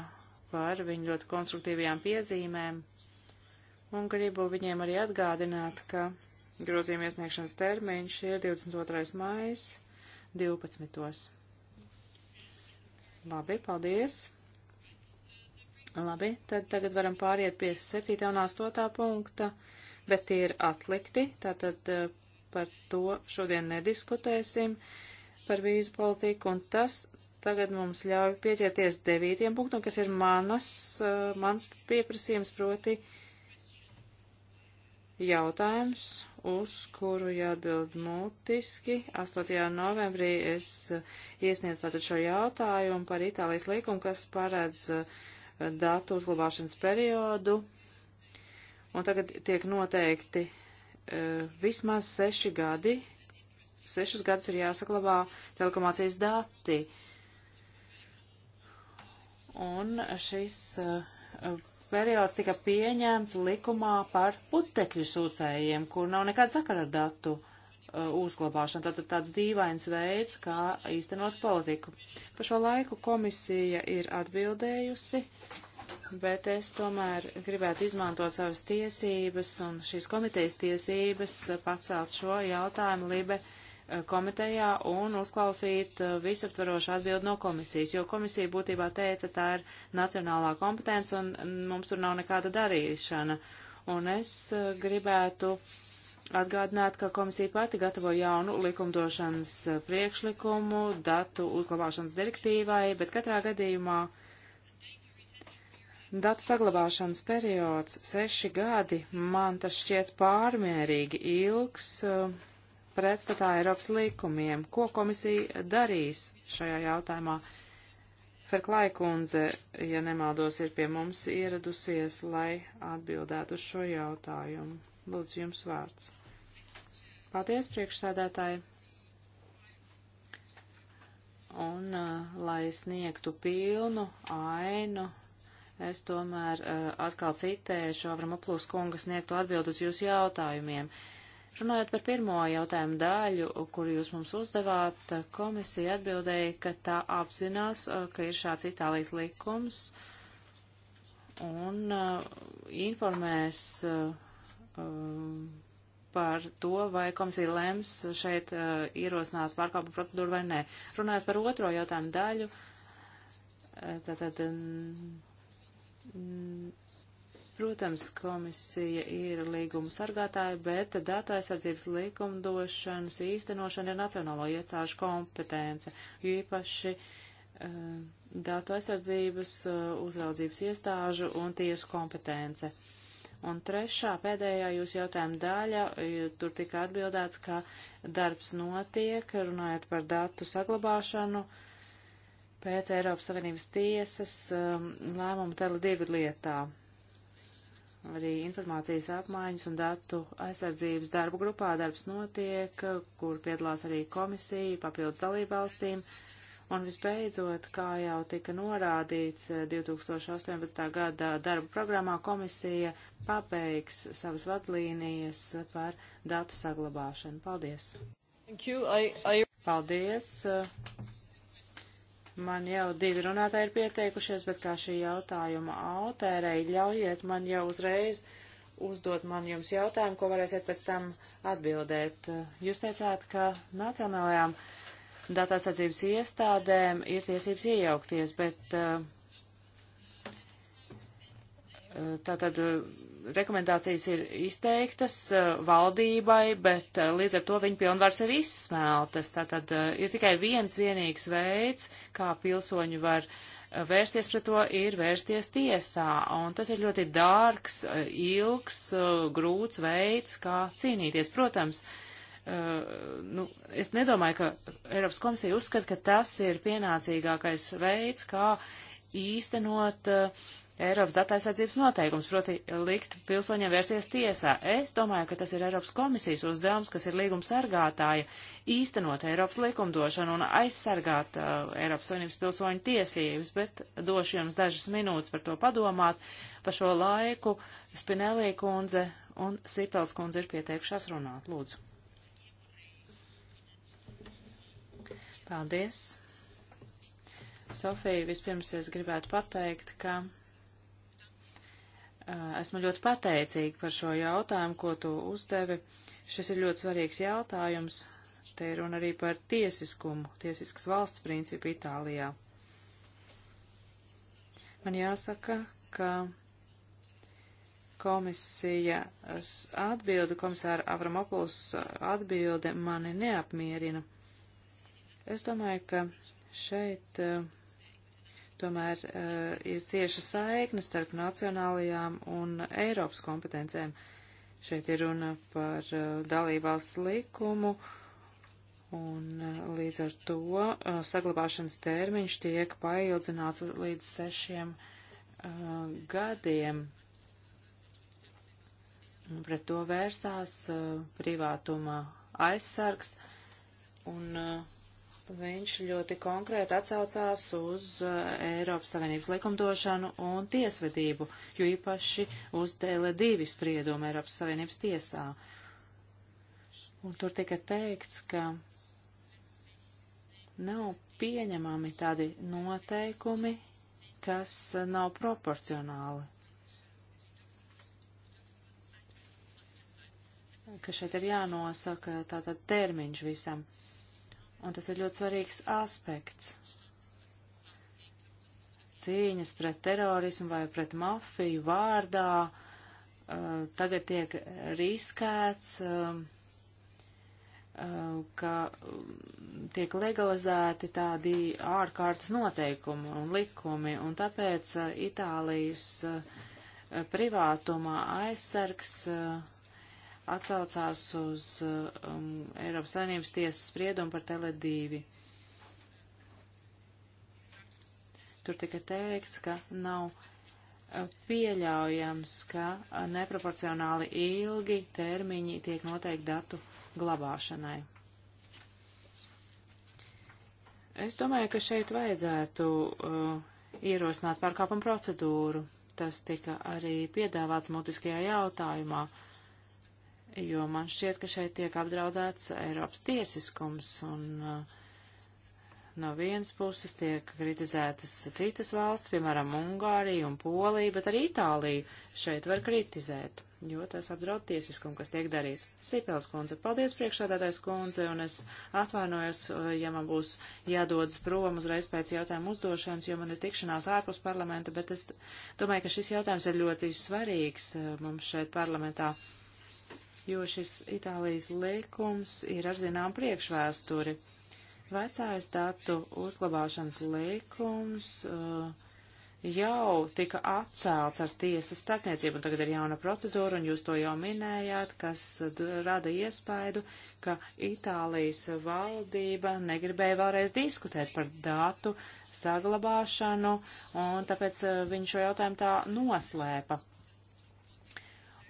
par viņu ļoti konstruktīvajām piezīmēm un gribu viņiem arī atgādināt, ka Grozījuma iesniegšanas termiņš ir 22. mājas 12. Labi, paldies. Labi, tad tagad varam pāriet pie 7. un 8. punkta, bet tie ir atlikti, tātad eh, par to šodien nediskutēsim par vīzu politiku, un tas tagad mums ļauj pieķerties devītiem punktam, kas ir manas, eh, mans pieprasījums, proti jautājums uz kuru jāatbild mutiski. 8. novembrī es uh, iesniedzu tātad šo jautājumu par Itālijas līkumu, kas paredz uh, datu uzglabāšanas periodu. Un tagad tiek noteikti uh, vismaz seši gadi. Sešus gadus ir jāsaklabā telekomācijas dati. Un šis uh, periods tika pieņemts likumā par putekļu sūcējiem, kur nav nekāda sakara ar datu uh, uzglabāšanu. Tātad tāds dīvains veids, kā īstenot politiku. Par šo laiku komisija ir atbildējusi, bet es tomēr gribētu izmantot savas tiesības un šīs komitejas tiesības uh, pacelt šo jautājumu Libe Eh, komitejā un uzklausīt eh, visaptvarošu atbildi no komisijas, jo komisija būtībā teica, tā ir nacionālā kompetence un mums tur nav nekāda darīšana. Un es eh, gribētu atgādināt, ka komisija pati gatavo jaunu likumdošanas priekšlikumu datu uzglabāšanas direktīvai, bet katrā gadījumā datu saglabāšanas periods seši gadi man tas šķiet pārmērīgi ilgs. Uh, pretstatā Eiropas likumiem. Ko komisija darīs šajā jautājumā? Ferklai kundze, ja nemaldos, ir pie mums ieradusies, lai atbildētu uz šo jautājumu. Lūdzu, jums vārds. Paldies, priekšsēdētāji. Un, uh, lai sniegtu pilnu ainu, es tomēr uh, atkal citēšu Avram Aplūs kungas sniegtu atbildus jūsu jautājumiem. Uh, Runājot par pirmo jautājumu daļu, kuru jūs mums uzdevāt, komisija atbildēja, ka tā apzinās, uh, ka ir šāds Itālijas likums un uh, informēs uh, um, par to, vai komisija lems šeit uh, ierosināt pārkāpumu procedūru vai nē. Runājot par otro jautājumu daļu, uh, tātad. Mm, Protams, komisija ir līguma sargātāja, bet datu aizsardzības līkumdošanas īstenošana ir nacionālo iecāžu kompetence, jo īpaši uh, datu aizsardzības, uh, uzraudzības iestāžu un tiesu kompetence. Un trešā, pēdējā jūsu jautājuma daļa, eh, tur tika atbildēts, ka darbs notiek, runājot par datu saglabāšanu pēc Eiropas Savienības tiesas um, lēmuma teledivu lietā arī informācijas apmaiņas un datu aizsardzības darbu grupā darbs notiek, kur piedalās arī komisija, papildus dalībvalstīm. Un visbeidzot, kā jau tika norādīts 2018. Eh, gada darba programmā, komisija pabeigs savas vadlīnijas par datu saglabāšanu. Paldies! I, I... Paldies! Man jau divi runātāji ir pieteikušies, bet kā šī jautājuma autērei, ļaujiet man jau uzreiz uzdot man jums jautājumu, ko varēsiet pēc tam atbildēt. Jūs teicāt, ka nacionālajām datu aizsardzības iestādēm ir tiesības iejaukties, bet uh, uh, tātad uh, rekomendācijas ir izteiktas eh, valdībai, bet eh, līdz ar to viņa pilnvars ir izsmeltas. Tātad eh, ir tikai viens vienīgs veids, kā pilsoņi var vērsties pret to, ir vērsties tiesā. Un tas ir ļoti dārgs, ilgs, grūts veids, kā cīnīties. Protams, nu, es nedomāju, ka Eiropas komisija uzskata, ka tas ir pienācīgākais veids, kā īstenot uh, Eiropas datu aizsardzības noteikums, proti likt pilsoņiem vērsties tiesā. Es domāju, ka tas ir Eiropas komisijas uzdevums, kas ir līguma sargātāja, īstenot Eiropas likumdošanu un aizsargāt uh, Eiropas Savienības pilsoņu tiesības, bet došu jums dažas minūtes par to padomāt. Par šo laiku Spinelī kundze un Sipels kundze ir pieteikušās runāt. Lūdzu. Paldies. Sofija, vispirms es gribētu pateikt, ka Esmu ļoti pateicīga par šo jautājumu, ko tu uzdevi. Šis ir ļoti svarīgs jautājums. Te ir runa arī par tiesiskumu, tiesiskas valsts principu Itālijā. Man jāsaka, ka komisijas atbildi, komisāra Avramopulus atbildi mani neapmierina. Es domāju, ka šeit uh, Tomēr uh, ir cieša saikne starp nacionālajām un Eiropas kompetencēm. Šeit ir runa par uh, dalībvalsts likumu, un uh, līdz ar to uh, saglabāšanas termiņš tiek paildzināts līdz sešiem uh, gadiem. Un pret to vērsās uh, privātuma aizsargs, un uh, Viņš ļoti konkrēti atsaucās uz uh, Eiropas Savienības likumdošanu un tiesvedību, jo īpaši uz DL2 spriedumu Eiropas Savienības tiesā. Un tur tika teikts, ka nav pieņemami tādi noteikumi, kas uh, nav proporcionāli. Ka šeit ir jānosaka tātad termiņš visam un tas ir ļoti svarīgs aspekts. Cīņas pret terorismu vai pret mafiju vārdā uh, tagad tiek riskēts, uh, uh, ka um, tiek legalizēti tādi ārkārtas noteikumi un likumi, un tāpēc uh, Itālijas uh, privātumā aizsargs uh, atsaucās uz um, Eiropas Savienības tiesas spriedumu par Tele2. Tur tika teikts, ka nav uh, pieļaujams, ka uh, neproporcionāli ilgi termiņi tiek noteikti datu glabāšanai. Es domāju, ka šeit vajadzētu uh, ierosināt pārkāpumu procedūru. Tas tika arī piedāvāts mutiskajā jautājumā. Uh, jo man šķiet, ka šeit tiek apdraudēts Eiropas tiesiskums un uh, no vienas puses tiek kritizētas citas valsts, piemēram, Ungārija un Polija, bet arī Itālija šeit var kritizēt, jo tas apdraud tiesiskumu, kas tiek darīts. Sīpels kundze, paldies priekšādātais kundze, un es atvainojos, uh, ja man būs jādodas prom uzreiz pēc jautājumu uzdošanas, jo man ir tikšanās ārpus parlamenta, bet es domāju, ka šis jautājums ir ļoti svarīgs uh, mums šeit parlamentā jo šis Itālijas likums ir ar zinām priekšvēsturi. Vecais datu uzglabāšanas likums uh, jau tika atcēlts ar tiesas starpniecību, un tagad ir jauna procedūra, un jūs to jau minējāt, kas uh, rada iespaidu, ka Itālijas valdība negribēja vēlreiz diskutēt par datu saglabāšanu, un tāpēc uh, viņi šo jautājumu tā noslēpa.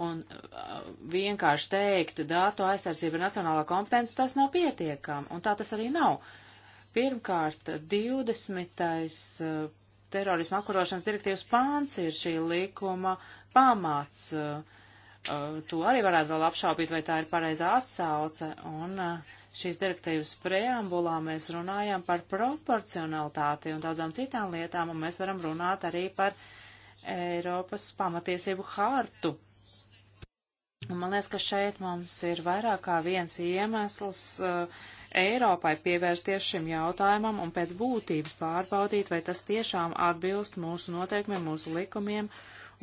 Un uh, vienkārši teikt, datu aizsardzība ir nacionālā kompetence, tas nav pietiekami, un tā tas arī nav. Pirmkārt, 20. Uh, terorisma apkarošanas direktīvas pāns ir šī likuma pamāts. Uh, uh, to arī varētu vēl apšaubīt, vai tā ir pareizā atsauce. Un uh, šīs direktīvas preambulā mēs runājam par proporcionalitāti un daudzām citām lietām, un mēs varam runāt arī par Eiropas pamatiesību hartu. Un man liekas, ka šeit mums ir vairāk kā viens iemesls uh, Eiropai pievērsties šim jautājumam un pēc būtības pārbaudīt, vai tas tiešām atbilst mūsu noteikumiem, mūsu likumiem.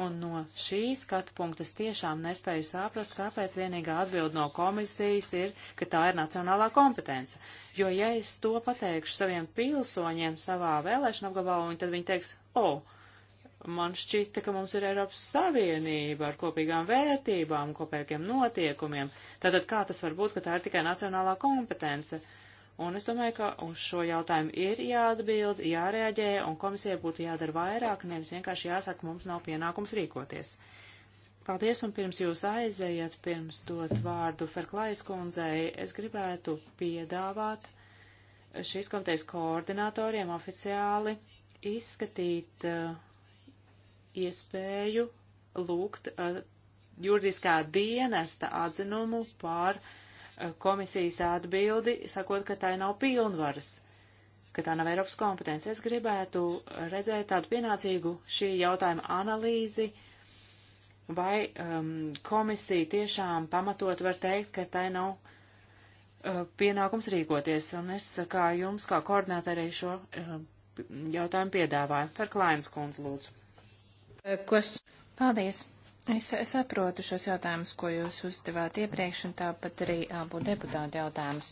Un no šī skatu punkta es tiešām nespēju saprast, kāpēc vienīgā atbilda no komisijas ir, ka tā ir nacionālā kompetence. Jo ja es to pateikšu saviem pilsoņiem savā vēlēšana apgabalā, tad viņi teiks, o, oh, man šķita, ka mums ir Eiropas Savienība ar kopīgām vērtībām, kopīgiem notiekumiem. Tātad kā tas var būt, ka tā ir tikai nacionālā kompetence? Un es domāju, ka uz šo jautājumu ir jāatbild, jārēģē, un komisija būtu jādara vairāk, nevis vienkārši jāsaka, mums nav pienākums rīkoties. Paldies, un pirms jūs aizējat, pirms dot vārdu Ferklais kundzei, es gribētu piedāvāt šīs komitejas koordinatoriem oficiāli izskatīt uh, iespēju lūgt uh, juridiskā dienesta atzinumu pār uh, komisijas atbildi, sakot, ka tai nav pilnvaras, ka tā nav Eiropas kompetence. Es gribētu redzēt tādu pienācīgu šī jautājuma analīzi, vai um, komisija tiešām pamatot var teikt, ka tai nav uh, pienākums rīkoties. Un es kā jums, kā koordinātorei, šo jautājumu piedāvāju. Par Klainas kundzi lūdzu. Uh, Paldies! Es saprotu šos jautājumus, ko jūs uzdevāt iepriekš, un tāpat arī abu uh, deputātu jautājumus.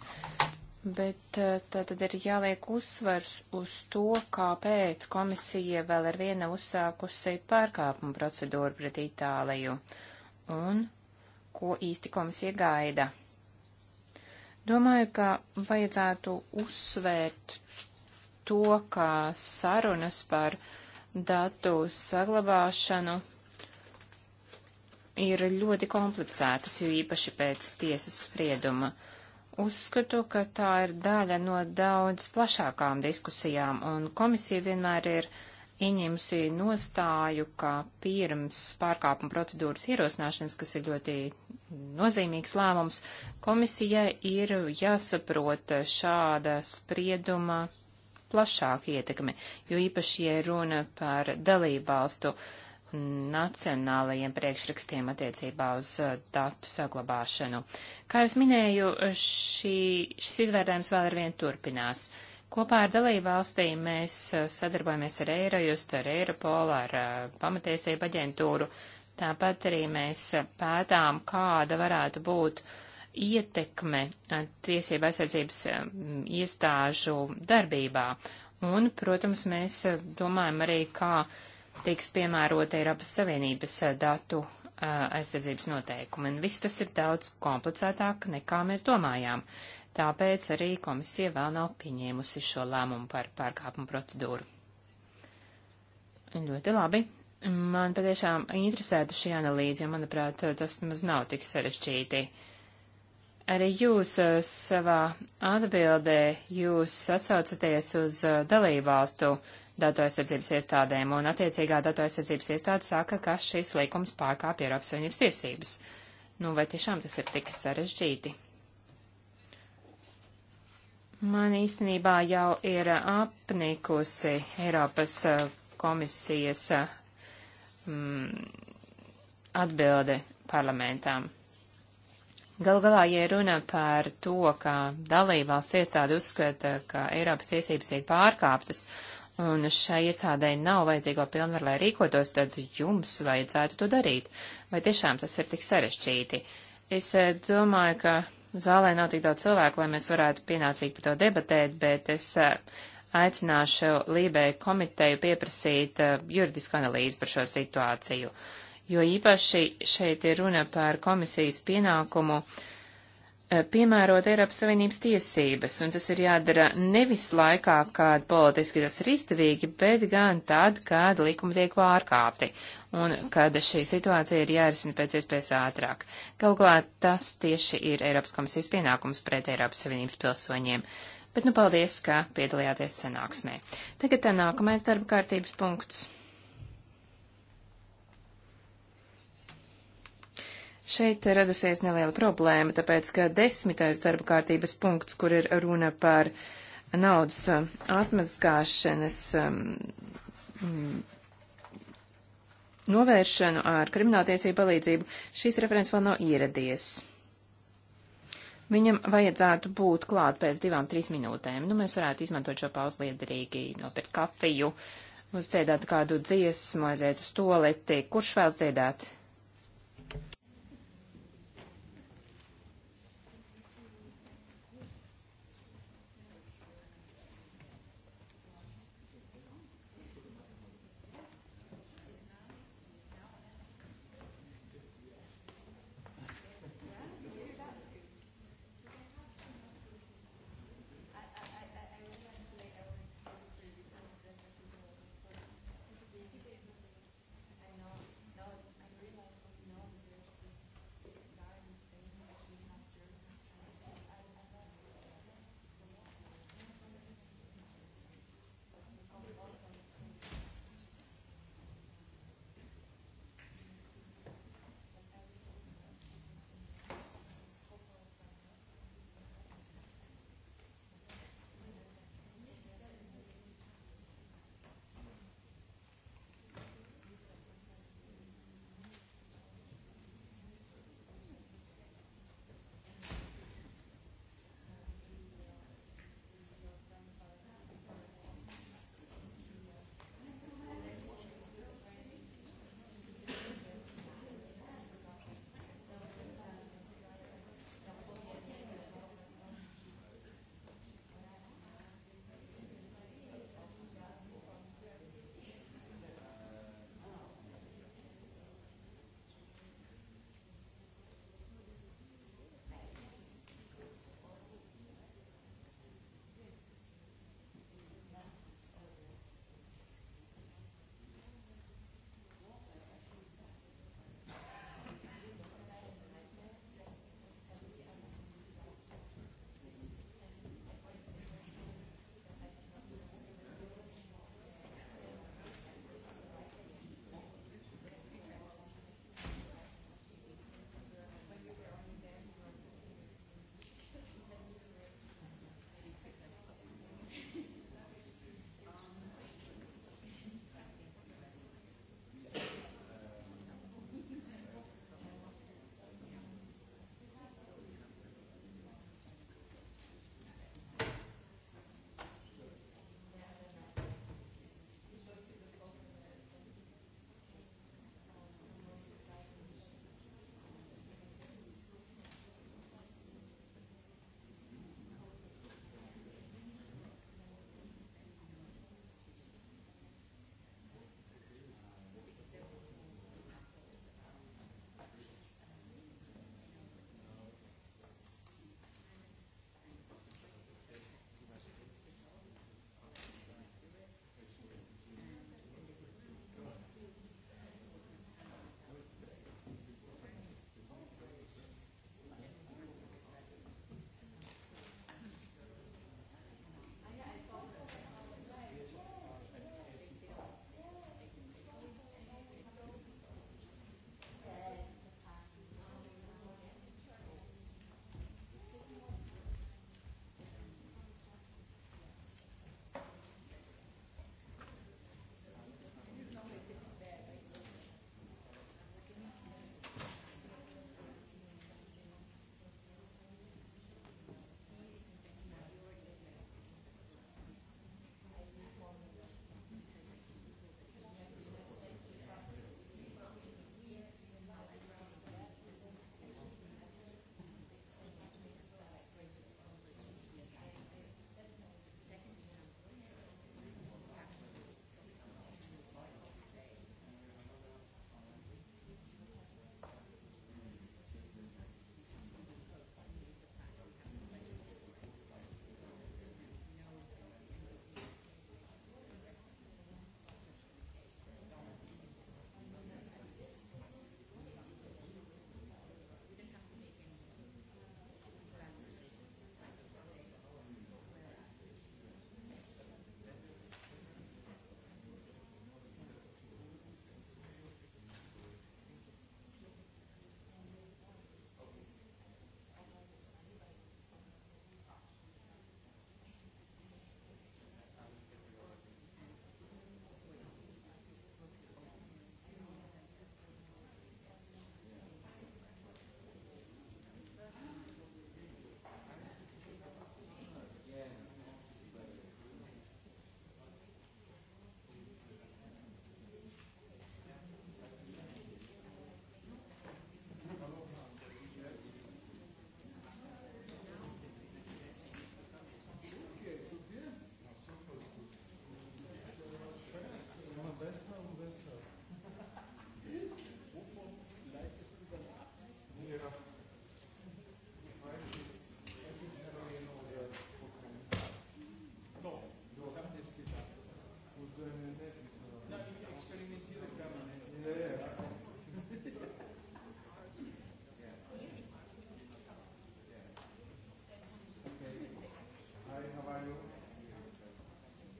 Bet uh, tā tad ir jāliek uzsvars uz to, kāpēc komisija vēl ar vienu uzsākusi pārkāpumu procedūru pret Itāliju un ko īsti komisija gaida. Domāju, ka vajadzētu uzsvērt to, kā sarunas par uh, datu saglabāšanu ir ļoti komplicētas, jo īpaši pēc tiesas sprieduma. Uzskatu, ka tā ir daļa no daudz plašākām diskusijām, un komisija vienmēr ir ieņēmusi nostāju, ka pirms pārkāpuma procedūras ierosināšanas, kas ir ļoti nozīmīgs lēmums, komisijai ir jāsaprot šāda sprieduma plašāku ietekmi, jo īpaši, ja runa par dalību valstu nacionālajiem priekšrakstiem attiecībā uz uh, datu saglabāšanu. Kā jūs minēju, šī, šis izvērtējums vēl ar vien turpinās. Kopā ar dalību valstīm mēs uh, sadarbojamies ar Eirojust, ar Eiropolu, ar, ar uh, pamatiesību aģentūru. Tāpat arī mēs pētām, kāda varētu būt uh, ietekme tiesība aizsardzības iestāžu darbībā. Un, protams, mēs domājam arī, kā tiks piemērota Eiropas Savienības datu aizsardzības noteikumi. Un viss tas ir daudz komplicētāk, nekā mēs domājām. Tāpēc arī komisija vēl nav pieņēmusi šo lēmumu par pārkāpumu procedūru. Ļoti labi. Man patiešām interesētu šī analīze, jo, manuprāt, tas maz nav tik sarežģīti. Uh, Arī jūs eh, savā atbildē jūs atsaucaties uz eh, dalībvalstu datu aizsardzības iestādēm, un attiecīgā datu aizsardzības iestāde saka, ka šis likums pārkāpj Eiropas Savienības tiesības. Nu, vai tiešām tas ir tik sarežģīti? Man īstenībā jau ir apnikusi Eiropas eh, komisijas mm, atbilde parlamentām. Galu galā, ja runa par to, ka dalībvalsts iestāde uzskata, ka Eiropas tiesības tiek pārkāptas, un šai iestādēji nav vajadzīgo pilnvaru, lai rīkotos, tad jums vajadzētu to darīt. Vai tiešām tas ir tik sarežģīti? Es eh, domāju, ka zālē nav tik daudz cilvēku, lai mēs varētu pienācīgi par to debatēt, bet es eh, aicināšu Lībēju komiteju pieprasīt eh, juridisku analīzi par šo situāciju. Uh, jo īpaši šeit ir runa par komisijas pienākumu e, piemērot Eiropas Savienības tiesības, un tas ir jādara nevis laikā, kad politiski tas ir izdevīgi, bet gan tad, kad likumi tiek pārkāpti, un kad šī situācija ir jārisina pēc iespējas ātrāk. Galklā tas tieši ir Eiropas komisijas pienākums pret Eiropas Savienības pilsoņiem. Bet nu paldies, ka piedalījāties sanāksmē. Tagad tā nākamais darba kārtības punkts. Šeit radusies neliela problēma, tāpēc, ka desmitais darba kārtības punkts, kur ir runa par naudas um, atmazgāšanas um, mm, novēršanu ar krimināltiesību palīdzību, šīs referents vēl nav ieradies. Viņam vajadzētu būt klāt pēc divām, trīs minūtēm. Nu, mēs varētu izmantot šo pauzi liederīgi, nopirkt kafiju, uzdziedāt kādu dziesmu, aiziet uz toleti. Kurš vēlas dziedāt?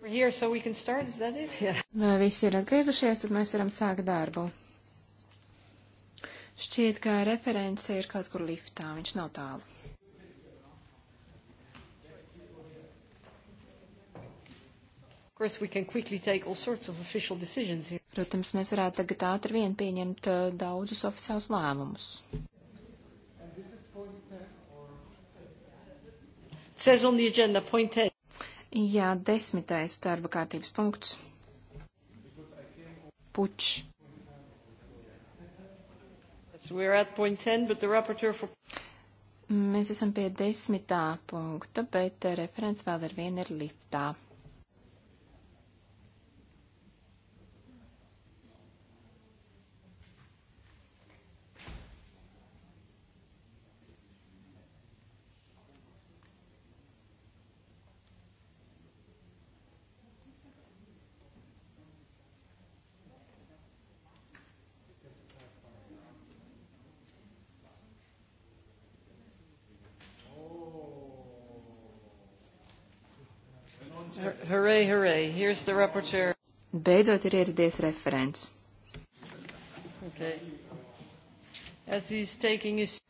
Here, so yeah. Vai visi ir atgriezušies, tad mēs varam sākt darbu. Šķiet, ka reference ir kaut kur liftā, viņš nav tālu. Protams, mēs varētu tagad ātri vien pieņemt uh, daudzus oficiālus lēmumus. Agenda, Jā, desmitais darba kārtības punkts. Puč. Mēs esam pie desmitā punkta, bet referents vēl ar vienu ir liftā. rapporteur. Beidzot ir ieradies referents. Okay. His...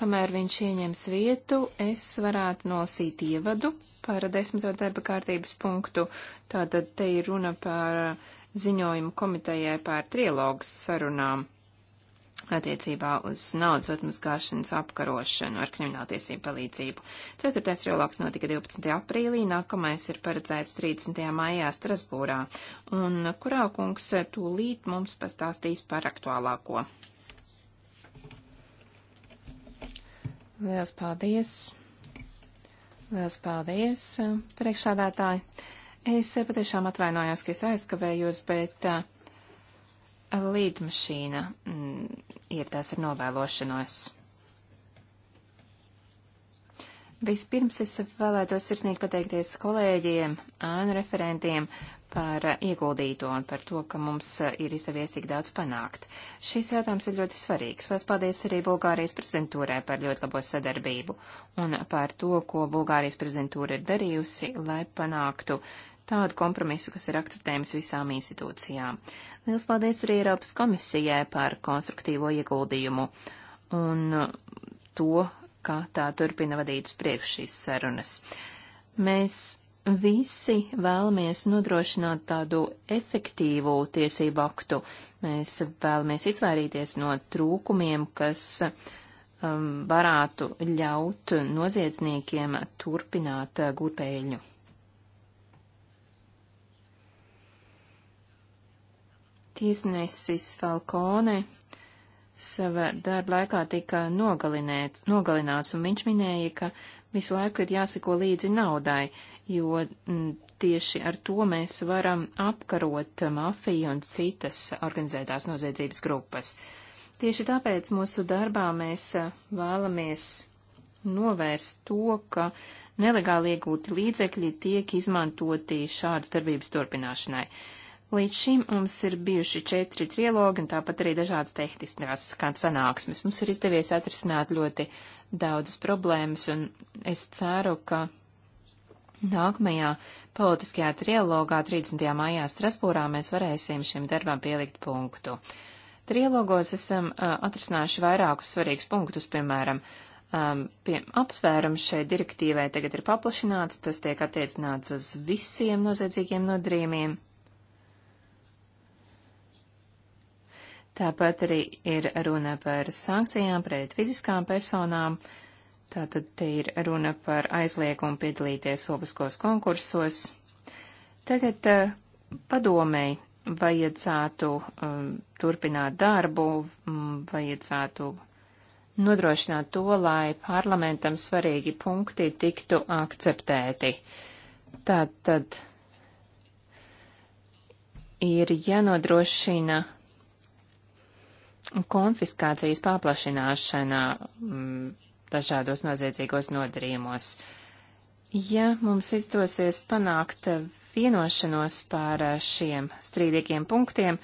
Kamēr viņš ieņems vietu, es varētu nosīt ievadu par desmito darba kārtības punktu. Tātad te ir runa par ziņojumu komitejai par trilogas sarunām attiecībā uz naudas atmaskāšanas apkarošanu ar krimināltiesību palīdzību. Ceturtais trilogs notika 12. aprīlī, nākamais ir paredzēts 30. maijā Strasbūrā, un kurā kungs tūlīt mums pastāstīs par aktuālāko. Liels paldies! Liels paldies, priekšādātāji! Es patiešām atvainojos, ka es aizkavējos, bet uh, līdmašīna mm, ieradās ar novēlošanos. Vispirms es vēlētos sirsnīgi pateikties kolēģiem, ānu referentiem par ieguldīto un par to, ka mums ir izdevies tik daudz panākt. Šis jautājums ir ļoti svarīgs. Lielas paldies arī Bulgārijas prezidentūrē par ļoti labo sadarbību un par to, ko Bulgārijas prezidentūra ir darījusi, lai panāktu uh, tādu kompromisu, kas ir akceptējams visām institūcijām. Liels paldies arī Eiropas komisijai par konstruktīvo ieguldījumu un to, kā tā turpina vadīt uz priekšu šīs sarunas. Mēs visi vēlamies nodrošināt tādu efektīvu tiesību aktu. Mēs vēlamies izvairīties no trūkumiem, kas um, varētu ļaut noziedzniekiem turpināt uh, gūt pēļņu. Tīsnesis Falkone sava darba laikā tika nogalināts, nogalināts, un viņš minēja, ka visu laiku ir jāseko līdzi naudai, jo m, mm, tieši ar to mēs varam apkarot mafiju un citas organizētās noziedzības grupas. Tieši tāpēc mūsu darbā mēs vēlamies novērst to, ka nelegāli iegūti līdzekļi tiek izmantoti šādas darbības turpināšanai. Uh, Līdz šim mums ir bijuši četri trilogi un tāpat arī dažādas tehniskas sanāksmes. Mums ir izdevies atrisināt ļoti daudzas problēmas, un es ceru, ka nākamajā politiskajā trilogā 30. maijā Strasbūrā mēs varēsim šim darbam pielikt punktu. Trilogos esam uh, atrisinājuši vairākus svarīgus punktus, piemēram, um, pie aptvērums šai direktīvai tagad ir paplašināts, tas tiek attiecināts uz visiem noziedzīgiem nodrījumiem. Tāpat arī ir runa par sankcijām pret fiziskām personām. Tātad te ir runa par aizliegumu piedalīties publiskos konkursos. Tagad eh, padomēji vajadzētu um, turpināt darbu, um, vajadzētu nodrošināt to, lai parlamentam svarīgi punkti tiktu akceptēti. Tātad ir jānodrošina konfiskācijas paplašināšana m, mm, dažādos noziedzīgos nodarījumos. Ja mums izdosies panākt vienošanos par šiem strīdīgiem punktiem,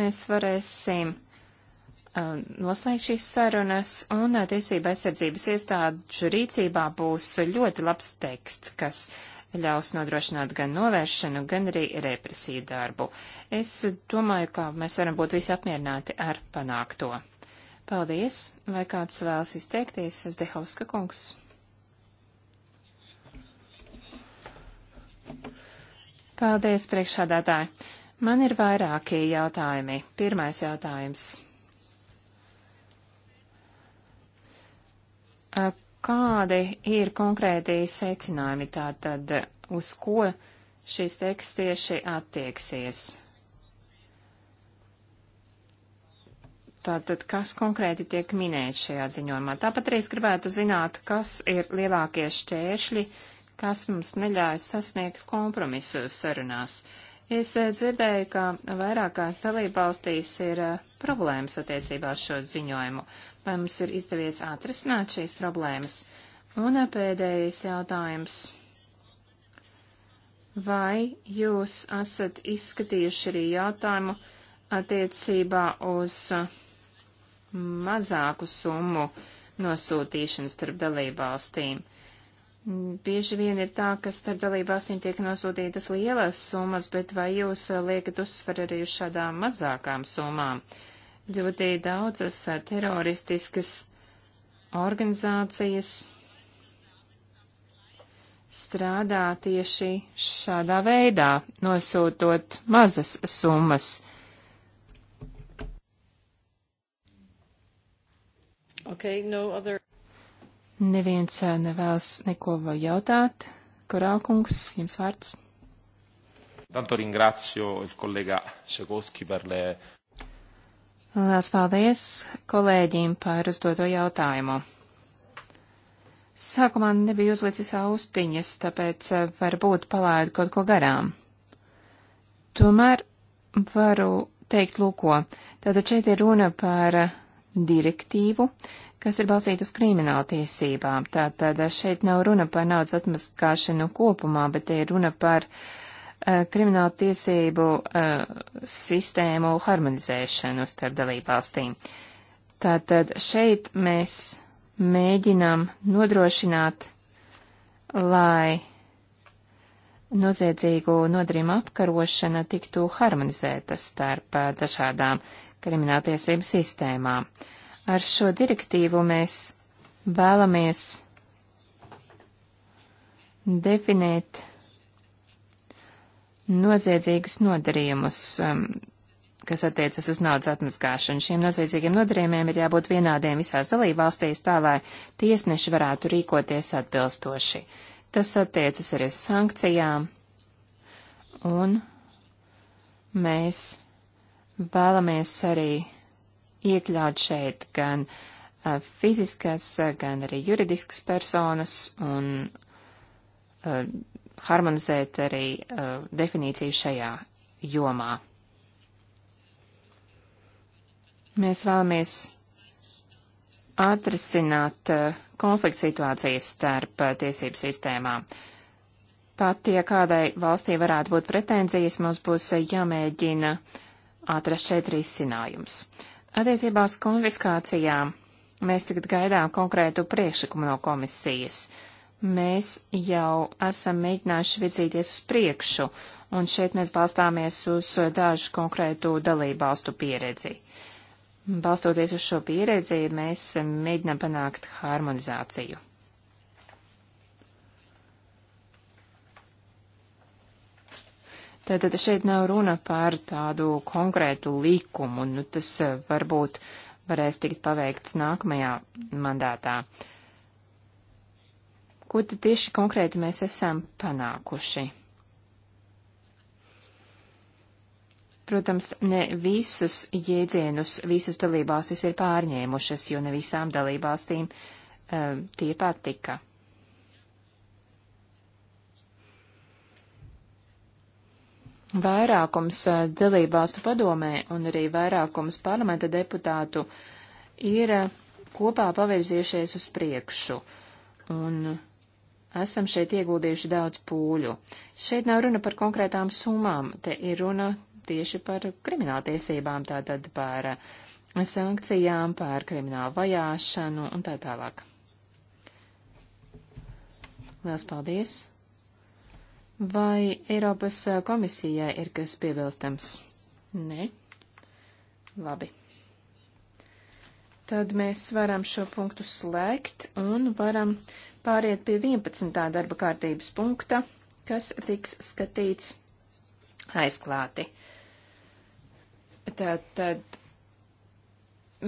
mēs varēsim uh, noslēgt šīs sarunas, un tiesība aizsardzības iestāžu rīcībā būs ļoti labs teksts, kas ļaus nodrošināt gan novēršanu, gan arī represiju darbu. Es domāju, ka mēs varam būt visi apmierināti ar panākto. Paldies! Vai kāds vēlas izteikties? Zdehovska kungs. Paldies, priekšādātāji. Man ir vairākie jautājumi. Pirmais jautājums kādi ir konkrēti secinājumi tātad, uz ko šīs teksts tieši attieksies? Tātad, kas konkrēti tiek minēts šajā ziņojumā? Tāpat arī es gribētu zināt, kas ir lielākie šķēršļi, kas mums neļauj sasniegt kompromisu sarunās. Uh, Es eh, dzirdēju, ka vairākās dalībvalstīs ir eh, problēmas attiecībā uz šo ziņojumu. Vai mums ir izdevies atrisināt šīs problēmas? Un eh, pēdējais jautājums. Vai jūs esat izskatījuši arī jautājumu attiecībā uz mazāku summu nosūtīšanu starp dalībvalstīm? valstīm? Bieži vien ir tā, ka starp dalībvalstīm tiek nosūtītas lielas summas, bet vai jūs eh, liekat uzsver arī uz šādām mazākām summām? Ļoti daudzas eh, teroristiskas organizācijas strādā tieši šādā veidā, nosūtot mazas summas. Okay, no other... Neviens eh, nevēlas neko vēl jautāt. Korākungs, jums vārds. Tanto ringrazio il collega Šekovski par le. Lielas paldies kolēģim par uzdoto jautājumu. Sākumā nebija uzlicis austiņas, tāpēc eh, varbūt palaidu kaut ko garām. Tomēr varu teikt, lūko, tātad šeit ir runa par direktīvu, kas ir balstīta uz krimināla tiesībām. Tātad šeit nav runa par naudas atmaskāšanu kopumā, bet te ir runa par uh, eh, kriminālu tiesību uh, eh, sistēmu harmonizēšanu starp dalībvalstīm. Tātad šeit mēs mēģinām nodrošināt, lai noziedzīgu nodarījumu apkarošana tiktu harmonizēta starp eh, dažādām krimināltiesību sistēmā. Ar šo direktīvu mēs vēlamies definēt noziedzīgus nodarījumus, um, kas attiecas uz naudas atmaskāšanu. Šiem noziedzīgiem nodarījumiem ir jābūt vienādiem visās dalībvalstīs, tā lai tiesneši varētu rīkoties atbilstoši. Tas attiecas arī uz sankcijām, un mēs Vēlamies arī iekļaut šeit gan fiziskas, gan arī juridiskas personas un uh, harmonizēt arī uh, definīciju šajā jomā. Mēs vēlamies atrisināt uh, konflikts situācijas starp uh, tiesību sistēmām. Pat, ja kādai valstī varētu būt pretenzijas, mums būs uh, jāmēģina uh, atrast šeit risinājums. Attiecībās konfiskācijām mēs tagad gaidām konkrētu priekšlikumu no komisijas. Mēs jau esam mēģinājuši virzīties uz priekšu, un šeit mēs balstāmies uz dažu konkrētu dalībvalstu pieredzi. Balstoties uz šo pieredzi, mēs mēģinām panākt harmonizāciju. Tātad šeit nav runa par tādu konkrētu likumu, nu tas eh, varbūt varēs tikt paveikts nākamajā mandātā. Ko tad tieši konkrēti mēs esam panākuši? Protams, ne visus jēdzienus visas dalībvalstis ir pārņēmušas, jo ne visām dalībvalstīm uh, tie patika. Vairākums eh, dalībvalstu padomē un arī vairākums parlamenta deputātu ir eh, kopā pavirzījušies uz priekšu, un esam šeit ieguldījuši daudz pūļu. Šeit nav runa par konkrētām summām, te ir runa tieši par krimināltiesībām, tātad par eh, sankcijām, par kriminālu vajāšanu un tā tālāk. Lielas paldies! Vai Eiropas komisijai ir kas piebilstams? Nē. Labi. Tad mēs varam šo punktu slēgt un varam pāriet pie 11. darba kārtības punkta, kas tiks skatīts aizklāti. Tad, tad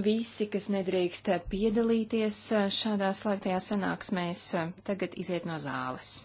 visi, kas nedrīkst piedalīties šādā slēgtajā sanāksmēs, tagad iziet no zāles.